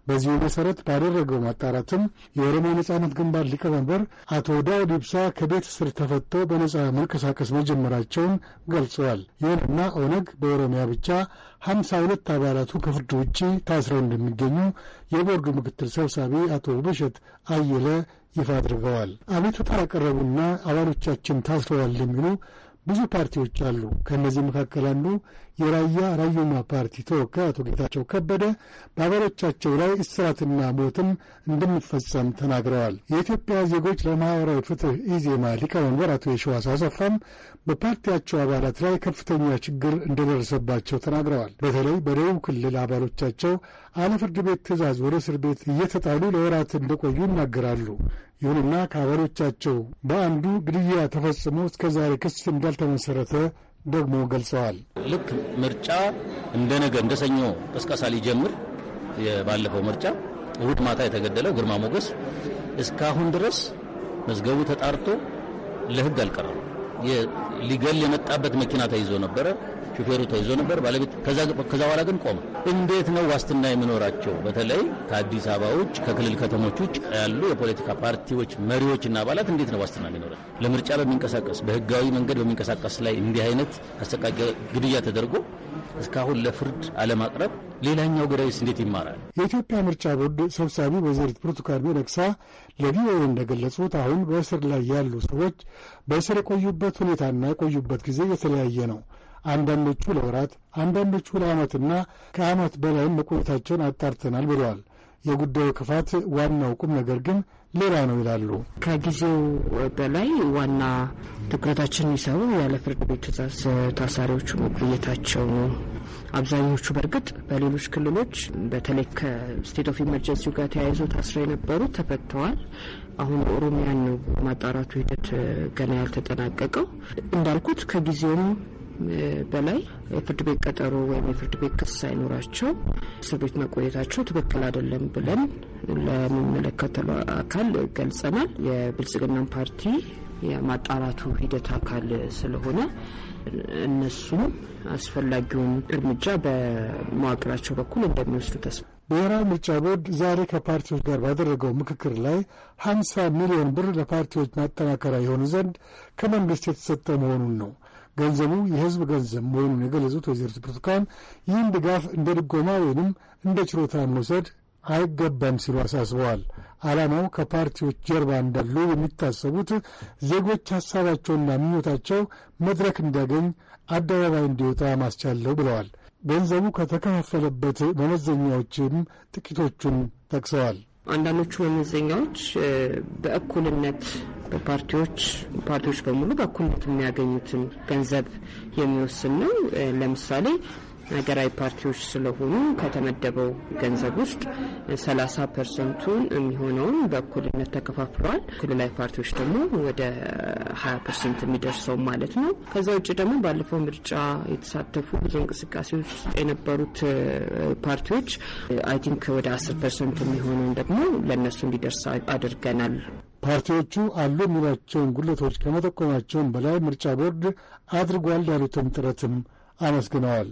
[SPEAKER 11] በዚሁ መሰረት ባደረገው ማጣራትም የኦሮሚያ ነጻነት ግንባር ሊቀመንበር አቶ ዳውድ ኢብሳ ከቤት ስር ተፈተው በነጻ መንቀሳቀስ መጀመራቸውን ገልጸዋል። ይሁንና ኦነግ በኦሮሚያ ብቻ ሀምሳ ሁለት አባላቱ ከፍርድ ውጪ ታስረው እንደሚገኙ የቦርዱ ምክትል ሰብሳቢ አቶ ውብሸት አየለ ይፋ አድርገዋል። አቤቱታ ያቀረቡና አባሎቻችን ታስረዋል የሚሉ ብዙ ፓርቲዎች አሉ። ከእነዚህ መካከል አንዱ የራያ ራዩማ ፓርቲ ተወካይ አቶ ጌታቸው ከበደ በአባሎቻቸው ላይ እስራትና ሞትም እንደሚፈጸም ተናግረዋል። የኢትዮጵያ ዜጎች ለማኅበራዊ ፍትህ ኢዜማ ሊቀመንበር አቶ የሸዋስ አሰፋም በፓርቲያቸው አባላት ላይ ከፍተኛ ችግር እንደደረሰባቸው ተናግረዋል። በተለይ በደቡብ ክልል አባሎቻቸው አለፍርድ ቤት ትዕዛዝ ወደ እስር ቤት እየተጣሉ ለወራት እንደቆዩ ይናገራሉ። ይሁንና ከአባሎቻቸው በአንዱ ግድያ ተፈጽሞ እስከዛሬ ክስ እንዳልተመሰረተ ደግሞ ገልጸዋል። ልክ ምርጫ እንደ ነገ እንደ ሰኞ ቅስቀሳ ሊጀምር ባለፈው ምርጫ እሁድ ማታ የተገደለው ግርማ ሞገስ እስካሁን ድረስ መዝገቡ ተጣርቶ ለሕግ አልቀረበም። ሊገል የመጣበት መኪና ተይዞ ነበረ። ሹፌሩ ተይዞ ነበር ባለቤት። ከዛ በኋላ ግን ቆመ። እንዴት ነው ዋስትና የሚኖራቸው? በተለይ ከአዲስ አበባ ውጭ ከክልል ከተሞች ውጭ ያሉ የፖለቲካ ፓርቲዎች እና አባላት እንዴት ነው ዋስትና የሚኖራቸው? ለምርጫ በሚንቀሳቀስ በህጋዊ መንገድ በሚንቀሳቀስ ላይ እንዲህ አይነት አሰቃቂ ግድያ ተደርጎ እስካሁን ለፍርድ አለማቅረብ ሌላኛው ገዳይስ እንዴት ይማራል? የኢትዮጵያ ምርጫ ቦርድ ሰብሳቢ ወይዘሪት ብርቱካን ሚደቅሳ ለቪኦኤ እንደገለጹት አሁን በእስር ላይ ያሉ ሰዎች በእስር የቆዩበት ሁኔታና የቆዩበት ጊዜ የተለያየ ነው። አንዳንዶቹ ለወራት አንዳንዶቹ ለዓመትና ከዓመት በላይም መቆየታቸውን አጣርተናል ብለዋል። የጉዳዩ ክፋት ዋናው ቁም ነገር ግን ሌላ ነው ይላሉ። ከጊዜው በላይ ዋና ትኩረታችን
[SPEAKER 12] ይሰው ያለ ፍርድ ቤት ትዕዛዝ ታሳሪዎቹ መቆየታቸው ነው። አብዛኞቹ በእርግጥ በሌሎች ክልሎች በተለይ ከስቴት ኦፍ ኢመርጀንሲ ጋር ተያይዞ ታስረው የነበሩ ተፈተዋል። አሁን ኦሮሚያን ነው ማጣራቱ ሂደት ገና ያልተጠናቀቀው። እንዳልኩት ከጊዜውም በላይ የፍርድ ቤት ቀጠሮ ወይም የፍርድ ቤት ክስ ሳይኖራቸው እስር ቤት መቆየታቸው ትክክል አይደለም ብለን ለሚመለከተው አካል ገልጸናል። የብልጽግናን ፓርቲ የማጣራቱ ሂደት አካል ስለሆነ እነሱም አስፈላጊውን እርምጃ በመዋቅራቸው
[SPEAKER 11] በኩል እንደሚወስዱ ተስፋ ብሔራዊ ምርጫ ቦርድ ዛሬ ከፓርቲዎች ጋር ባደረገው ምክክር ላይ ሀምሳ ሚሊዮን ብር ለፓርቲዎች ማጠናከሪያ የሆኑ ዘንድ ከመንግስት የተሰጠ መሆኑን ነው ገንዘቡ የህዝብ ገንዘብ መሆኑን የገለጹት ወይዘሪት ብርቱካን ይህን ድጋፍ እንደ ድጎማ ወይንም እንደ ችሮታ መውሰድ አይገባም ሲሉ አሳስበዋል። ዓላማው ከፓርቲዎች ጀርባ እንዳሉ የሚታሰቡት ዜጎች ሀሳባቸውና ምኞታቸው መድረክ እንዲያገኝ አደባባይ እንዲወጣ ማስቻለው ብለዋል። ገንዘቡ ከተከፋፈለበት መመዘኛዎችም ጥቂቶቹን ጠቅሰዋል። አንዳንዶቹ መመዘኛዎች
[SPEAKER 12] በእኩልነት በፓርቲዎች ፓርቲዎች በሙሉ በእኩልነት የሚያገኙትን ገንዘብ የሚወስን ነው። ለምሳሌ ሀገራዊ ፓርቲዎች ስለሆኑ ከተመደበው ገንዘብ ውስጥ ሰላሳ ፐርሰንቱን የሚሆነውን በእኩልነት ተከፋፍለዋል። ክልላዊ ፓርቲዎች ደግሞ ወደ ሀያ ፐርሰንት የሚደርሰው ማለት ነው። ከዛ ውጭ ደግሞ ባለፈው ምርጫ የተሳተፉ ብዙ እንቅስቃሴዎች ውስጥ የነበሩት ፓርቲዎች አይ ቲንክ ወደ አስር ፐርሰንት የሚሆነውን ደግሞ ለእነሱ እንዲደርስ አድርገናል።
[SPEAKER 11] ፓርቲዎቹ አሉ የሚሏቸውን ጉለቶች ከመጠቆማቸውም በላይ ምርጫ ቦርድ አድርጓል ያሉትን ጥረትም አመስግነዋል።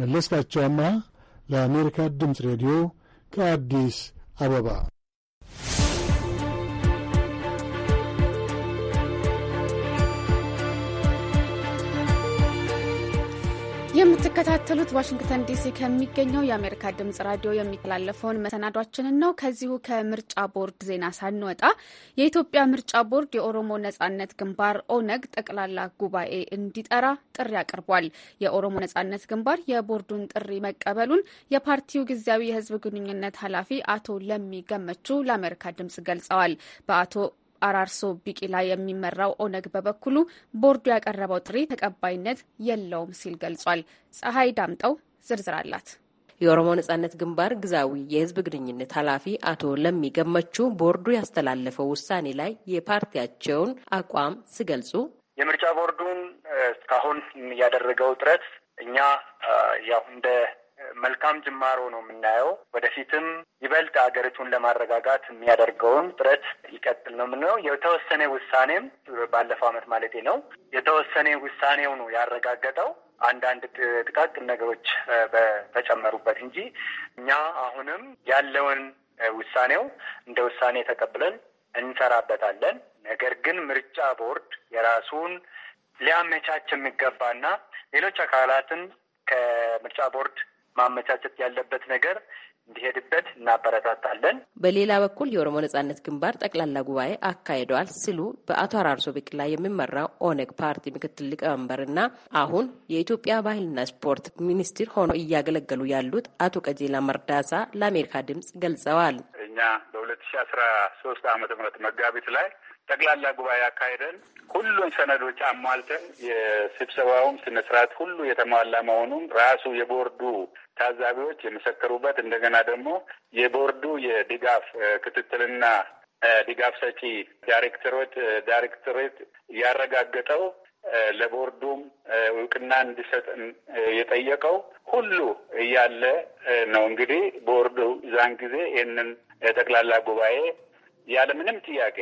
[SPEAKER 11] መለስካቸው አማሃ ለአሜሪካ ድምፅ ሬዲዮ ከአዲስ አበባ
[SPEAKER 1] የምትከታተሉት ዋሽንግተን ዲሲ ከሚገኘው የአሜሪካ ድምጽ ራዲዮ የሚተላለፈውን መሰናዷችንን ነው። ከዚሁ ከምርጫ ቦርድ ዜና ሳንወጣ የኢትዮጵያ ምርጫ ቦርድ የኦሮሞ ነጻነት ግንባር ኦነግ ጠቅላላ ጉባኤ እንዲጠራ ጥሪ አቅርቧል። የኦሮሞ ነጻነት ግንባር የቦርዱን ጥሪ መቀበሉን የፓርቲው ጊዜያዊ የህዝብ ግንኙነት ኃላፊ አቶ ለሚ ገመቹ ለአሜሪካ ድምጽ ገልጸዋል። በአቶ አራርሶ ቢቂላ የሚመራው ኦነግ በበኩሉ ቦርዱ ያቀረበው ጥሪ ተቀባይነት የለውም ሲል ገልጿል። ፀሐይ ዳምጠው ዝርዝር አላት።
[SPEAKER 13] የኦሮሞ ነጻነት ግንባር ግዛዊ የህዝብ ግንኙነት ኃላፊ አቶ ለሚ ቦርዱ ያስተላለፈው ውሳኔ ላይ የፓርቲያቸውን አቋም ሲገልጹ
[SPEAKER 14] የምርጫ ቦርዱን እስካሁን ያደረገው ጥረት እኛ ያው እንደ መልካም ጅማሮ ነው የምናየው። ወደፊትም ይበልጥ ሀገሪቱን ለማረጋጋት የሚያደርገውን ጥረት ይቀጥል ነው የምንለው። የተወሰነ ውሳኔም ባለፈው ዓመት ማለት ነው የተወሰነ ውሳኔው ነው ያረጋገጠው አንዳንድ ጥቃቅን ነገሮች በተጨመሩበት እንጂ እኛ አሁንም ያለውን ውሳኔው እንደ ውሳኔ ተቀብለን እንሰራበታለን። ነገር ግን ምርጫ ቦርድ የራሱን ሊያመቻች የሚገባና ሌሎች አካላትን ከምርጫ ቦርድ ማመቻቸት ያለበት ነገር እንዲሄድበት
[SPEAKER 13] እናበረታታለን። በሌላ በኩል የኦሮሞ ነጻነት ግንባር ጠቅላላ ጉባኤ አካሂደዋል ሲሉ በአቶ አራርሶ ላይ የሚመራው ኦነግ ፓርቲ ምክትል ሊቀመንበርና አሁን የኢትዮጵያ ባህልና ስፖርት ሚኒስትር ሆኖ እያገለገሉ ያሉት አቶ ቀጀላ መርዳሳ ለአሜሪካ ድምጽ ገልጸዋል።
[SPEAKER 9] እኛ በሁለት ሺ አስራ ሶስት አመተ ምህረት መጋቢት ላይ ጠቅላላ ጉባኤ አካሄደን ሁሉን ሰነዶች አሟልተን የስብሰባውም ስነስርዓት ሁሉ የተሟላ መሆኑን ራሱ የቦርዱ ታዛቢዎች የመሰከሩበት እንደገና ደግሞ የቦርዱ የድጋፍ ክትትልና ድጋፍ ሰጪ ዳይሬክተሮች ዳይሬክተሬት ያረጋገጠው ለቦርዱም እውቅና እንዲሰጥ የጠየቀው ሁሉ እያለ ነው። እንግዲህ ቦርዱ እዛን ጊዜ ይህንን ጠቅላላ ጉባኤ ያለምንም ጥያቄ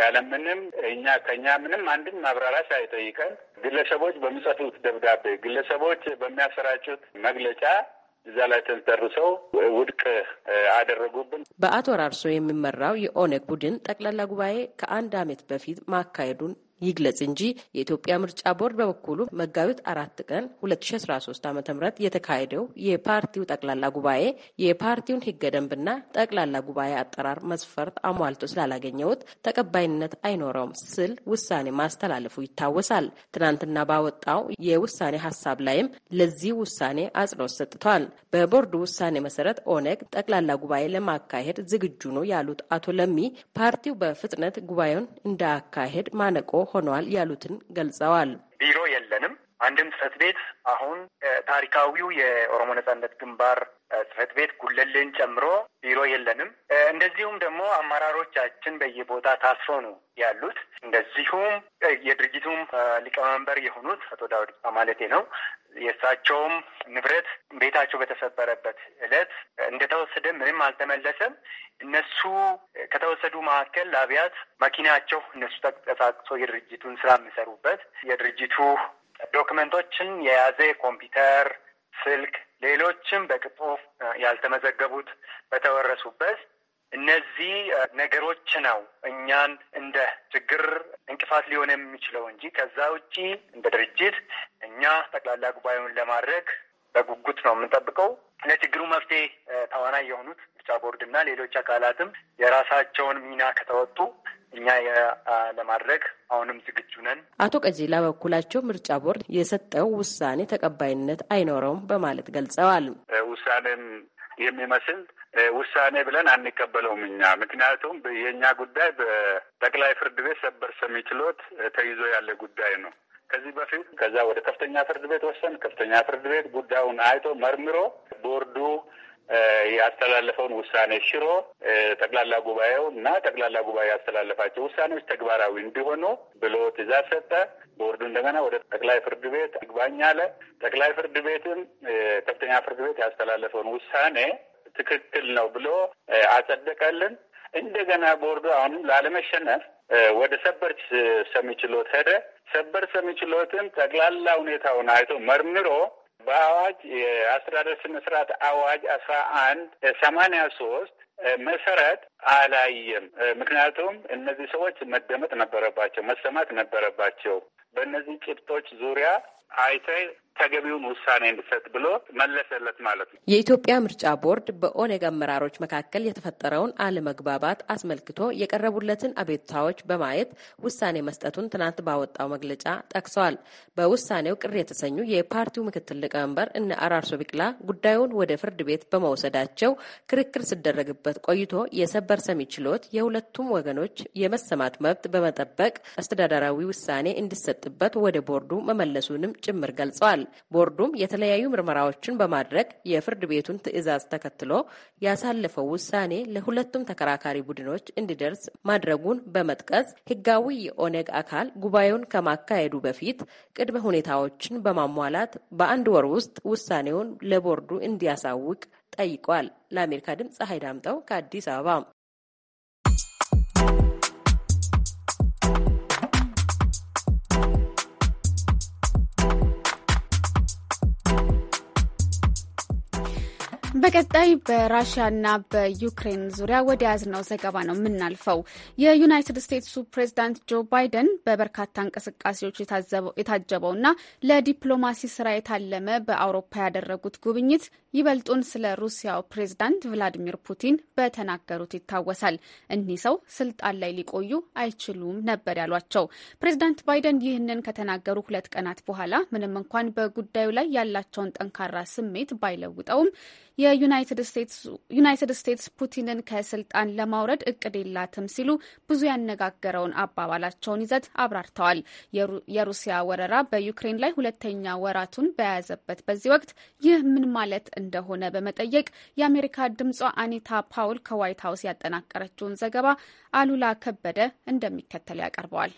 [SPEAKER 9] ያለምንም እኛ ከኛ ምንም አንድም ማብራሪያ ሳይጠይቀን ግለሰቦች በሚጽፉት ደብዳቤ፣ ግለሰቦች በሚያሰራጩት መግለጫ እዛ ላይ ተንተርሰው
[SPEAKER 13] ውድቅ አደረጉብን። በአቶ ራርሶ የሚመራው የኦነግ ቡድን ጠቅላላ ጉባኤ ከአንድ ዓመት በፊት ማካሄዱን ይግለጽ እንጂ የኢትዮጵያ ምርጫ ቦርድ በበኩሉ መጋቢት አራት ቀን 2013 ዓ ም የተካሄደው የፓርቲው ጠቅላላ ጉባኤ የፓርቲውን ህገ ደንብና ጠቅላላ ጉባኤ አጠራር መስፈርት አሟልቶ ስላላገኘውት ተቀባይነት አይኖረውም ስል ውሳኔ ማስተላለፉ ይታወሳል። ትናንትና ባወጣው የውሳኔ ሀሳብ ላይም ለዚህ ውሳኔ አጽንኦት ሰጥቷል። በቦርዱ ውሳኔ መሰረት ኦነግ ጠቅላላ ጉባኤ ለማካሄድ ዝግጁ ነው ያሉት አቶ ለሚ ፓርቲው በፍጥነት ጉባኤውን እንዳያካሄድ ማነቆ ሆኗል ያሉትን ገልጸዋል።
[SPEAKER 14] ቢሮ የለንም። አንድም ጽህፈት ቤት አሁን ታሪካዊው የኦሮሞ ነጻነት ግንባር ጽህፈት ቤት ጉለሌን ጨምሮ ቢሮ የለንም። እንደዚሁም ደግሞ አመራሮቻችን በየቦታ ታስሮ ነው ያሉት። እንደዚሁም የድርጅቱም ሊቀመንበር የሆኑት አቶ ዳውድ ማለቴ ነው የእሳቸውም ንብረት ቤታቸው በተሰበረበት እለት እንደተወሰደ ምንም አልተመለሰም። እነሱ ከተወሰዱ መካከል አብያት መኪናቸው እነሱ ተንቀሳቅሶ የድርጅቱን ስራ የሚሰሩበት የድርጅቱ ዶክመንቶችን የያዘ ኮምፒውተር፣ ስልክ፣ ሌሎችም በቅጡ ያልተመዘገቡት በተወረሱበት እነዚህ ነገሮች ነው እኛን እንደ ችግር እንቅፋት ሊሆን የሚችለው እንጂ ከዛ ውጪ እንደ ድርጅት እኛ ጠቅላላ ጉባኤውን ለማድረግ በጉጉት ነው የምንጠብቀው። ለችግሩ መፍትሄ ተዋናይ የሆኑት ምርጫ ቦርድ እና ሌሎች አካላትም የራሳቸውን ሚና ከተወጡ እኛ ለማድረግ አሁንም ዝግጁ ነን።
[SPEAKER 13] አቶ ቀጂላ በኩላቸው ምርጫ ቦርድ የሰጠው ውሳኔ ተቀባይነት አይኖረውም በማለት ገልጸዋል።
[SPEAKER 9] ውሳኔን የሚመስል ውሳኔ ብለን አንቀበለውም እኛ። ምክንያቱም የእኛ ጉዳይ በጠቅላይ ፍርድ ቤት ሰበር ሰሚ ችሎት ተይዞ ያለ ጉዳይ ነው። ከዚህ በፊት ከዛ ወደ ከፍተኛ ፍርድ ቤት ወሰን። ከፍተኛ ፍርድ ቤት ጉዳዩን አይቶ መርምሮ ቦርዱ ያስተላለፈውን ውሳኔ ሽሮ ጠቅላላ ጉባኤው እና ጠቅላላ ጉባኤ ያስተላለፋቸው ውሳኔዎች ተግባራዊ እንዲሆኑ ብሎ ትዕዛዝ ሰጠ። ቦርዱ እንደገና ወደ ጠቅላይ ፍርድ ቤት ይግባኝ አለ። ጠቅላይ ፍርድ ቤትም ከፍተኛ ፍርድ ቤት ያስተላለፈውን ውሳኔ ትክክል ነው ብሎ አጸደቀልን። እንደገና ቦርዱ አሁንም ላለመሸነፍ ወደ ሰበር ሰሚ ችሎት ሄደ። ሰበር ሰሚ ችሎትም ጠቅላላ ሁኔታውን አይቶ መርምሮ በአዋጅ የአስተዳደር ስነ ስርዓት አዋጅ አስራ አንድ ሰማንያ ሶስት መሰረት አላየም። ምክንያቱም እነዚህ ሰዎች መደመጥ ነበረባቸው፣ መሰማት ነበረባቸው። በእነዚህ ጭብጦች ዙሪያ አይተ ተገቢውን ውሳኔ እንድሰጥ ብሎ መለሰለት ማለት ነው።
[SPEAKER 13] የኢትዮጵያ ምርጫ ቦርድ በኦነግ አመራሮች መካከል የተፈጠረውን አለመግባባት አስመልክቶ የቀረቡለትን አቤቱታዎች በማየት ውሳኔ መስጠቱን ትናንት ባወጣው መግለጫ ጠቅሰዋል። በውሳኔው ቅር የተሰኙ የፓርቲው ምክትል ሊቀመንበር እነ አራርሶ ቢቅላ ጉዳዩን ወደ ፍርድ ቤት በመውሰዳቸው ክርክር ሲደረግበት ቆይቶ የሰበር ሰሚ ችሎት የሁለቱም ወገኖች የመሰማት መብት በመጠበቅ አስተዳደራዊ ውሳኔ እንዲሰጥበት ወደ ቦርዱ መመለሱንም ጭምር ገልጸዋል። ቦርዱም የተለያዩ ምርመራዎችን በማድረግ የፍርድ ቤቱን ትዕዛዝ ተከትሎ ያሳለፈው ውሳኔ ለሁለቱም ተከራካሪ ቡድኖች እንዲደርስ ማድረጉን በመጥቀስ ህጋዊ የኦነግ አካል ጉባኤውን ከማካሄዱ በፊት ቅድመ ሁኔታዎችን በማሟላት በአንድ ወር ውስጥ ውሳኔውን ለቦርዱ እንዲያሳውቅ ጠይቋል። ለአሜሪካ ድምፅ ፀሐይ ዳምጠው ከአዲስ አበባ
[SPEAKER 1] በቀጣይ በራሽያና በዩክሬን ዙሪያ ወደ ያዝነው ዘገባ ነው የምናልፈው። የዩናይትድ ስቴትሱ ፕሬዚዳንት ጆ ባይደን በበርካታ እንቅስቃሴዎች የታጀበውና ለዲፕሎማሲ ስራ የታለመ በአውሮፓ ያደረጉት ጉብኝት ይበልጡን ስለ ሩሲያው ፕሬዚዳንት ቭላዲሚር ፑቲን በተናገሩት ይታወሳል። እኒህ ሰው ስልጣን ላይ ሊቆዩ አይችሉም ነበር ያሏቸው ፕሬዚዳንት ባይደን ይህንን ከተናገሩ ሁለት ቀናት በኋላ ምንም እንኳን በጉዳዩ ላይ ያላቸውን ጠንካራ ስሜት ባይለውጠውም የዩናይትድ ስቴትስ ፑቲንን ከስልጣን ለማውረድ እቅድ የላትም ሲሉ ብዙ ያነጋገረውን አባባላቸውን ይዘት አብራርተዋል። የሩሲያ ወረራ በዩክሬን ላይ ሁለተኛ ወራቱን በያዘበት በዚህ ወቅት ይህ ምን ማለት እንደሆነ በመጠየቅ የአሜሪካ ድምጿ አኒታ ፓውል ከዋይት ሀውስ ያጠናቀረችውን ዘገባ አሉላ ከበደ እንደሚከተል ያቀርበዋል።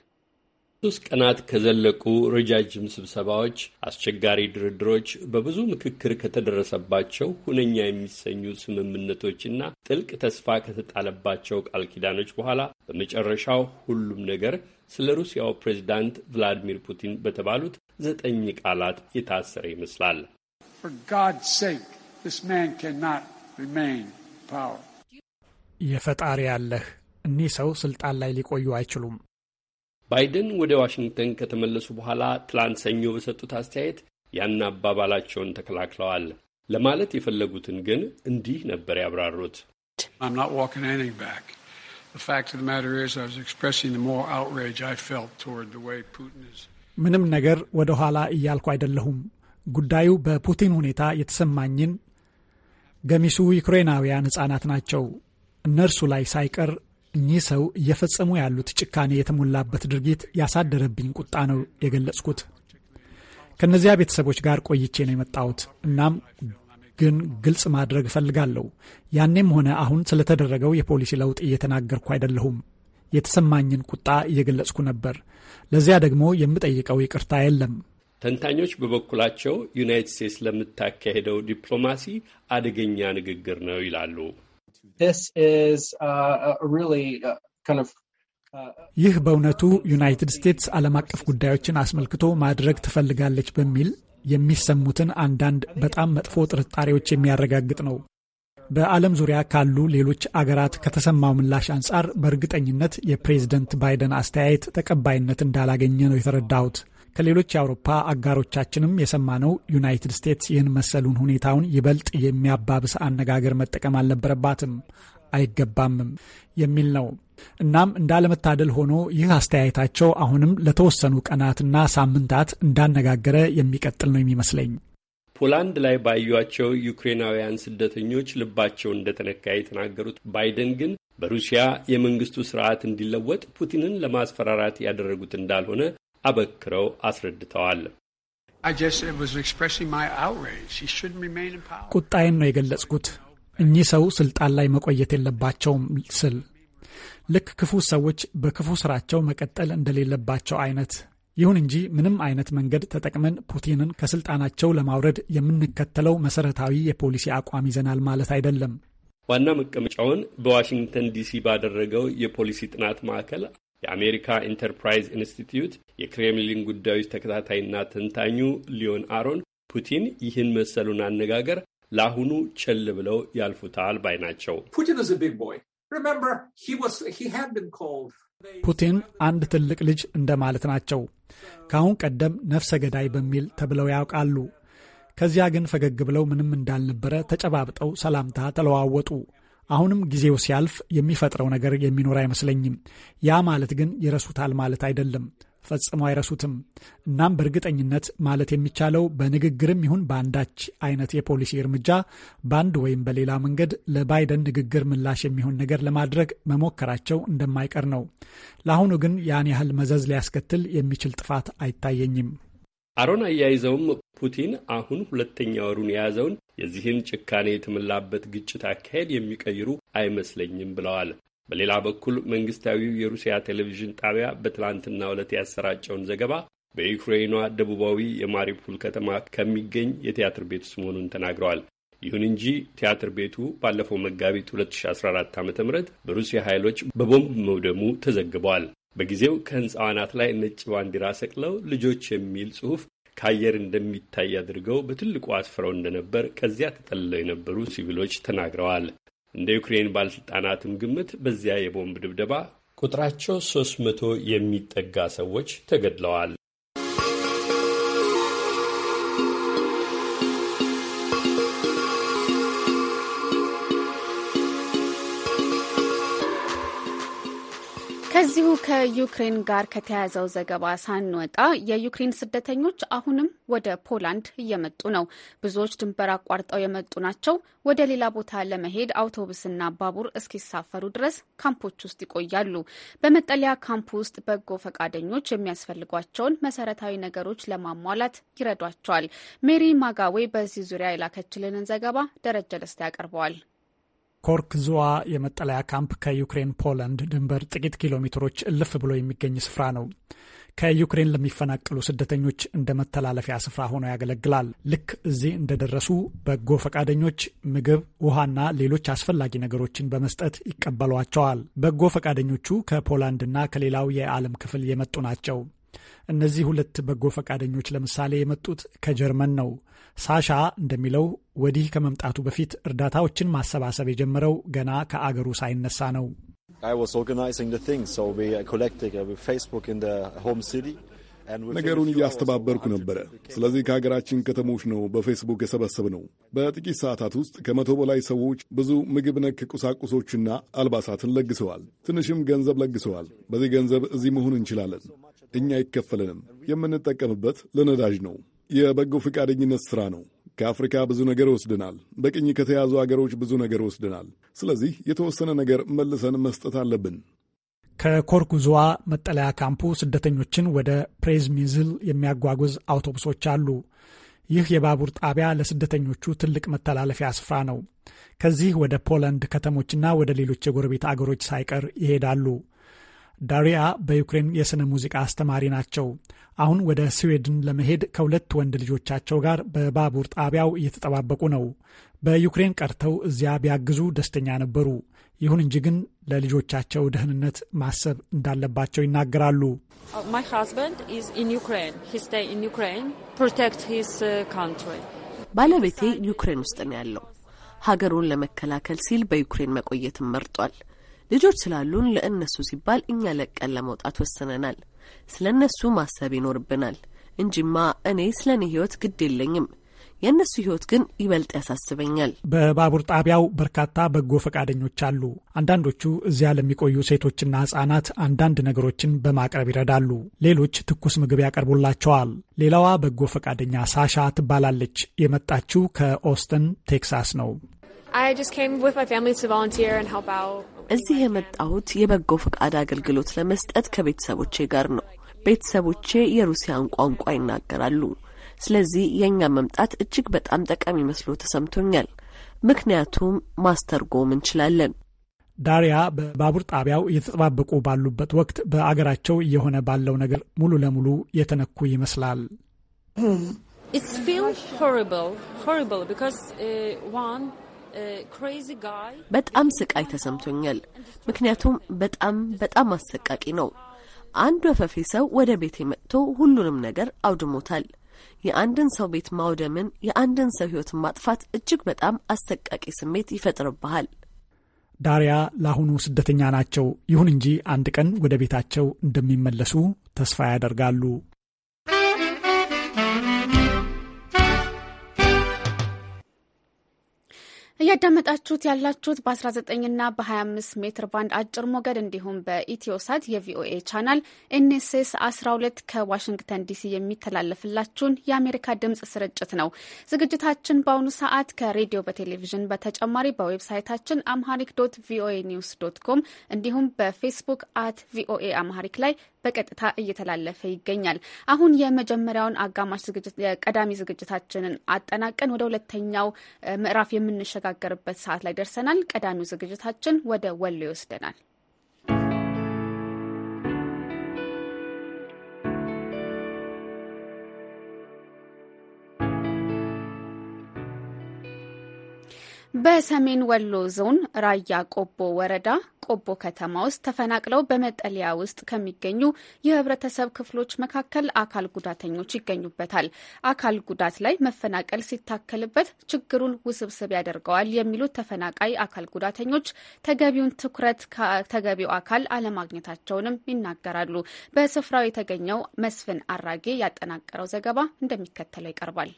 [SPEAKER 2] ሶስት ቀናት ከዘለቁ ረጃጅም ስብሰባዎች፣ አስቸጋሪ ድርድሮች፣ በብዙ ምክክር ከተደረሰባቸው ሁነኛ የሚሰኙ ስምምነቶችና ጥልቅ ተስፋ ከተጣለባቸው ቃል ኪዳኖች በኋላ በመጨረሻው ሁሉም ነገር ስለ ሩሲያው ፕሬዚዳንት ቭላዲሚር ፑቲን በተባሉት ዘጠኝ ቃላት የታሰረ ይመስላል።
[SPEAKER 7] የፈጣሪ ያለህ እኒህ ሰው ስልጣን ላይ ሊቆዩ አይችሉም።
[SPEAKER 2] ባይደን ወደ ዋሽንግተን ከተመለሱ በኋላ ትላንት ሰኞ በሰጡት አስተያየት ያን አባባላቸውን ተከላክለዋል። ለማለት የፈለጉትን ግን እንዲህ ነበር ያብራሩት።
[SPEAKER 7] ምንም ነገር ወደ ኋላ እያልኩ አይደለሁም። ጉዳዩ በፑቲን ሁኔታ የተሰማኝን ገሚሱ ዩክሬናውያን ሕፃናት ናቸው እነርሱ ላይ ሳይቀር እኚህ ሰው እየፈጸሙ ያሉት ጭካኔ የተሞላበት ድርጊት ያሳደረብኝ ቁጣ ነው የገለጽኩት። ከእነዚያ ቤተሰቦች ጋር ቆይቼ ነው የመጣሁት። እናም ግን ግልጽ ማድረግ እፈልጋለሁ። ያኔም ሆነ አሁን ስለተደረገው የፖሊሲ ለውጥ እየተናገርኩ አይደለሁም። የተሰማኝን ቁጣ እየገለጽኩ ነበር። ለዚያ ደግሞ የምጠይቀው ይቅርታ የለም።
[SPEAKER 2] ተንታኞች በበኩላቸው ዩናይትድ ስቴትስ ለምታካሄደው ዲፕሎማሲ አደገኛ ንግግር ነው ይላሉ።
[SPEAKER 15] Uh, uh, uh,
[SPEAKER 7] ይህ በእውነቱ ዩናይትድ ስቴትስ ዓለም አቀፍ ጉዳዮችን አስመልክቶ ማድረግ ትፈልጋለች በሚል የሚሰሙትን አንዳንድ በጣም መጥፎ ጥርጣሬዎች የሚያረጋግጥ ነው። በዓለም ዙሪያ ካሉ ሌሎች አገራት ከተሰማው ምላሽ አንጻር በእርግጠኝነት የፕሬዝደንት ባይደን አስተያየት ተቀባይነት እንዳላገኘ ነው የተረዳሁት። ከሌሎች የአውሮፓ አጋሮቻችንም የሰማነው ዩናይትድ ስቴትስ ይህን መሰሉን ሁኔታውን ይበልጥ የሚያባብስ አነጋገር መጠቀም አልነበረባትም አይገባምም የሚል ነው። እናም እንዳለመታደል ሆኖ ይህ አስተያየታቸው አሁንም ለተወሰኑ ቀናትና ሳምንታት እንዳነጋገረ የሚቀጥል ነው የሚመስለኝ።
[SPEAKER 2] ፖላንድ ላይ ባዩቸው ዩክሬናውያን ስደተኞች ልባቸው እንደተነካ የተናገሩት ባይደን ግን በሩሲያ የመንግስቱ ስርዓት እንዲለወጥ ፑቲንን ለማስፈራራት ያደረጉት እንዳልሆነ አበክረው አስረድተዋል።
[SPEAKER 7] ቁጣዬን ነው የገለጽኩት። እኚህ ሰው ስልጣን ላይ መቆየት የለባቸውም ስል ልክ ክፉ ሰዎች በክፉ ስራቸው መቀጠል እንደሌለባቸው አይነት። ይሁን እንጂ ምንም አይነት መንገድ ተጠቅመን ፑቲንን ከስልጣናቸው ለማውረድ የምንከተለው መሰረታዊ የፖሊሲ አቋም ይዘናል ማለት አይደለም።
[SPEAKER 2] ዋና መቀመጫውን በዋሽንግተን ዲሲ ባደረገው የፖሊሲ ጥናት ማዕከል የአሜሪካ ኢንተርፕራይዝ ኢንስቲትዩት የክሬምሊን ጉዳዮች ተከታታይና ተንታኙ ሊዮን አሮን ፑቲን ይህን መሰሉን አነጋገር ለአሁኑ ቸል ብለው ያልፉታል ባይ ናቸው።
[SPEAKER 7] ፑቲን አንድ ትልቅ ልጅ እንደማለት ናቸው። ከአሁን ቀደም ነፍሰ ገዳይ በሚል ተብለው ያውቃሉ። ከዚያ ግን ፈገግ ብለው ምንም እንዳልነበረ ተጨባብጠው ሰላምታ ተለዋወጡ። አሁንም ጊዜው ሲያልፍ የሚፈጥረው ነገር የሚኖር አይመስለኝም። ያ ማለት ግን ይረሱታል ማለት አይደለም። ፈጽመው አይረሱትም። እናም በእርግጠኝነት ማለት የሚቻለው በንግግርም ይሁን በአንዳች አይነት የፖሊሲ እርምጃ በአንድ ወይም በሌላ መንገድ ለባይደን ንግግር ምላሽ የሚሆን ነገር ለማድረግ መሞከራቸው እንደማይቀር ነው። ለአሁኑ ግን ያን ያህል መዘዝ ሊያስከትል የሚችል ጥፋት አይታየኝም።
[SPEAKER 2] አሮን አያይዘውም ፑቲን አሁን ሁለተኛ ወሩን የያዘውን የዚህን ጭካኔ የተሞላበት ግጭት አካሄድ የሚቀይሩ አይመስለኝም ብለዋል። በሌላ በኩል መንግስታዊው የሩሲያ ቴሌቪዥን ጣቢያ በትላንትና ዕለት ያሰራጨውን ዘገባ በዩክሬኗ ደቡባዊ የማሪፑል ከተማ ከሚገኝ የቲያትር ቤት ውስጥ መሆኑን ተናግረዋል። ይሁን እንጂ ቲያትር ቤቱ ባለፈው መጋቢት 2014 ዓ ም በሩሲያ ኃይሎች በቦምብ መውደሙ ተዘግቧል። በጊዜው ከህንፃው አናት ላይ ነጭ ባንዲራ ሰቅለው ልጆች የሚል ጽሑፍ ከአየር እንደሚታይ አድርገው በትልቁ አስፍረው እንደነበር ከዚያ ተጠልለው የነበሩ ሲቪሎች ተናግረዋል። እንደ ዩክሬን ባለሥልጣናትም ግምት በዚያ የቦምብ ድብደባ ቁጥራቸው ሶስት መቶ የሚጠጋ ሰዎች ተገድለዋል።
[SPEAKER 1] ከዚሁ ከዩክሬን ጋር ከተያያዘው ዘገባ ሳንወጣ የዩክሬን ስደተኞች አሁንም ወደ ፖላንድ እየመጡ ነው። ብዙዎች ድንበር አቋርጠው የመጡ ናቸው። ወደ ሌላ ቦታ ለመሄድ አውቶቡስና ባቡር እስኪሳፈሩ ድረስ ካምፖች ውስጥ ይቆያሉ። በመጠለያ ካምፕ ውስጥ በጎ ፈቃደኞች የሚያስፈልጓቸውን መሰረታዊ ነገሮች ለማሟላት ይረዷቸዋል። ሜሪ ማጋዌ በዚህ ዙሪያ የላከችልንን ዘገባ ደረጀ
[SPEAKER 7] ደስታ ያቀርበዋል። ኮርክ ዙዋ የመጠለያ ካምፕ ከዩክሬን ፖላንድ ድንበር ጥቂት ኪሎ ሜትሮች እልፍ ብሎ የሚገኝ ስፍራ ነው። ከዩክሬን ለሚፈናቀሉ ስደተኞች እንደ መተላለፊያ ስፍራ ሆኖ ያገለግላል። ልክ እዚህ እንደደረሱ በጎ ፈቃደኞች ምግብ፣ ውሃና ሌሎች አስፈላጊ ነገሮችን በመስጠት ይቀበሏቸዋል። በጎ ፈቃደኞቹ ከፖላንድና ከሌላው የዓለም ክፍል የመጡ ናቸው። እነዚህ ሁለት በጎ ፈቃደኞች ለምሳሌ የመጡት ከጀርመን ነው። ሳሻ እንደሚለው ወዲህ ከመምጣቱ በፊት እርዳታዎችን ማሰባሰብ የጀመረው ገና ከአገሩ ሳይነሳ ነው።
[SPEAKER 8] uh, ነገሩን እያስተባበርኩ ነበረ። ስለዚህ ከሀገራችን ከተሞች ነው በፌስቡክ የሰበሰብ ነው። በጥቂት ሰዓታት ውስጥ ከመቶ በላይ ሰዎች ብዙ ምግብ ነክ ቁሳቁሶችና አልባሳትን ለግሰዋል። ትንሽም ገንዘብ ለግሰዋል። በዚህ ገንዘብ እዚህ መሆን እንችላለን። እኛ አይከፈለንም። የምንጠቀምበት ለነዳጅ ነው። የበጎ ፈቃደኝነት ሥራ ነው። ከአፍሪካ ብዙ ነገር ወስደናል። በቅኝ ከተያዙ አገሮች ብዙ ነገር ወስደናል። ስለዚህ የተወሰነ ነገር መልሰን መስጠት አለብን።
[SPEAKER 7] ከኮርጉዞዋ መጠለያ ካምፑ ስደተኞችን ወደ ፕሬዝሚዝል የሚያጓጉዝ አውቶቡሶች አሉ። ይህ የባቡር ጣቢያ ለስደተኞቹ ትልቅ መተላለፊያ ስፍራ ነው። ከዚህ ወደ ፖላንድ ከተሞችና ወደ ሌሎች የጎረቤት አገሮች ሳይቀር ይሄዳሉ። ዳሪያ በዩክሬን የሥነ ሙዚቃ አስተማሪ ናቸው። አሁን ወደ ስዌድን ለመሄድ ከሁለት ወንድ ልጆቻቸው ጋር በባቡር ጣቢያው እየተጠባበቁ ነው። በዩክሬን ቀርተው እዚያ ቢያግዙ ደስተኛ ነበሩ። ይሁን እንጂ ግን ለልጆቻቸው ደህንነት ማሰብ እንዳለባቸው ይናገራሉ።
[SPEAKER 13] uh, ባለቤቴ ዩክሬን ውስጥ ነው ያለው።
[SPEAKER 16] ሀገሩን ለመከላከል ሲል በዩክሬን መቆየትን መርጧል። ልጆች ስላሉን ለእነሱ ሲባል እኛ ለቀን ለመውጣት ወስነናል። ስለ እነሱ ማሰብ ይኖርብናል እንጂማ እኔ ስለ እኔ ህይወት ግድ የለኝም። የእነሱ ህይወት ግን ይበልጥ ያሳስበኛል።
[SPEAKER 7] በባቡር ጣቢያው በርካታ በጎ ፈቃደኞች አሉ። አንዳንዶቹ እዚያ ለሚቆዩ ሴቶችና ህጻናት አንዳንድ ነገሮችን በማቅረብ ይረዳሉ። ሌሎች ትኩስ ምግብ ያቀርቡላቸዋል። ሌላዋ በጎ ፈቃደኛ ሳሻ ትባላለች። የመጣችው ከኦስተን ቴክሳስ ነው።
[SPEAKER 16] እዚህ የመጣሁት የበጎ ፈቃድ አገልግሎት ለመስጠት ከቤተሰቦቼ ጋር ነው። ቤተሰቦቼ የሩሲያን ቋንቋ ይናገራሉ። ስለዚህ የእኛ መምጣት እጅግ በጣም ጠቃሚ መስሎ ተሰምቶኛል። ምክንያቱም ማስተርጎም እንችላለን።
[SPEAKER 7] ዳሪያ በባቡር ጣቢያው እየተጠባበቁ ባሉበት ወቅት በአገራቸው እየሆነ ባለው ነገር ሙሉ ለሙሉ የተነኩ ይመስላል።
[SPEAKER 13] ኢትስ hmm.
[SPEAKER 16] በጣም ስቃይ ተሰምቶኛል። ምክንያቱም በጣም በጣም አሰቃቂ ነው። አንድ ወፈፌ ሰው ወደ ቤቴ መጥቶ ሁሉንም ነገር አውድሞታል። የአንድን ሰው ቤት ማውደምን፣ የአንድን ሰው ህይወትን ማጥፋት እጅግ በጣም አሰቃቂ ስሜት ይፈጥርብሃል።
[SPEAKER 7] ዳሪያ ለአሁኑ ስደተኛ ናቸው። ይሁን እንጂ አንድ ቀን ወደ ቤታቸው እንደሚመለሱ ተስፋ ያደርጋሉ።
[SPEAKER 1] እያዳመጣችሁት ያላችሁት በ19ና በ25 ሜትር ባንድ አጭር ሞገድ እንዲሁም በኢትዮሳት የቪኦኤ ቻናል ኤንኤስኤስ 12 ከዋሽንግተን ዲሲ የሚተላለፍላችሁን የአሜሪካ ድምጽ ስርጭት ነው። ዝግጅታችን በአሁኑ ሰዓት ከሬዲዮ በቴሌቪዥን በተጨማሪ በዌብሳይታችን አምሃሪክ ዶት ቪኦኤ ኒውስ ዶት ኮም እንዲሁም በፌስቡክ አት ቪኦኤ አምሃሪክ ላይ በቀጥታ እየተላለፈ ይገኛል። አሁን የመጀመሪያውን አጋማሽ የቀዳሚ ዝግጅታችንን አጠናቀን ወደ ሁለተኛው ምዕራፍ የምንሸጋገርበት ሰዓት ላይ ደርሰናል። ቀዳሚው ዝግጅታችን ወደ ወሎ ይወስደናል። በሰሜን ወሎ ዞን ራያ ቆቦ ወረዳ ቆቦ ከተማ ውስጥ ተፈናቅለው በመጠለያ ውስጥ ከሚገኙ የህብረተሰብ ክፍሎች መካከል አካል ጉዳተኞች ይገኙበታል። አካል ጉዳት ላይ መፈናቀል ሲታከልበት ችግሩን ውስብስብ ያደርገዋል የሚሉት ተፈናቃይ አካል ጉዳተኞች ተገቢውን ትኩረት ከተገቢው አካል አለማግኘታቸውንም ይናገራሉ። በስፍራው የተገኘው መስፍን አራጌ ያጠናቀረው ዘገባ እንደሚከተለው ይቀርባል።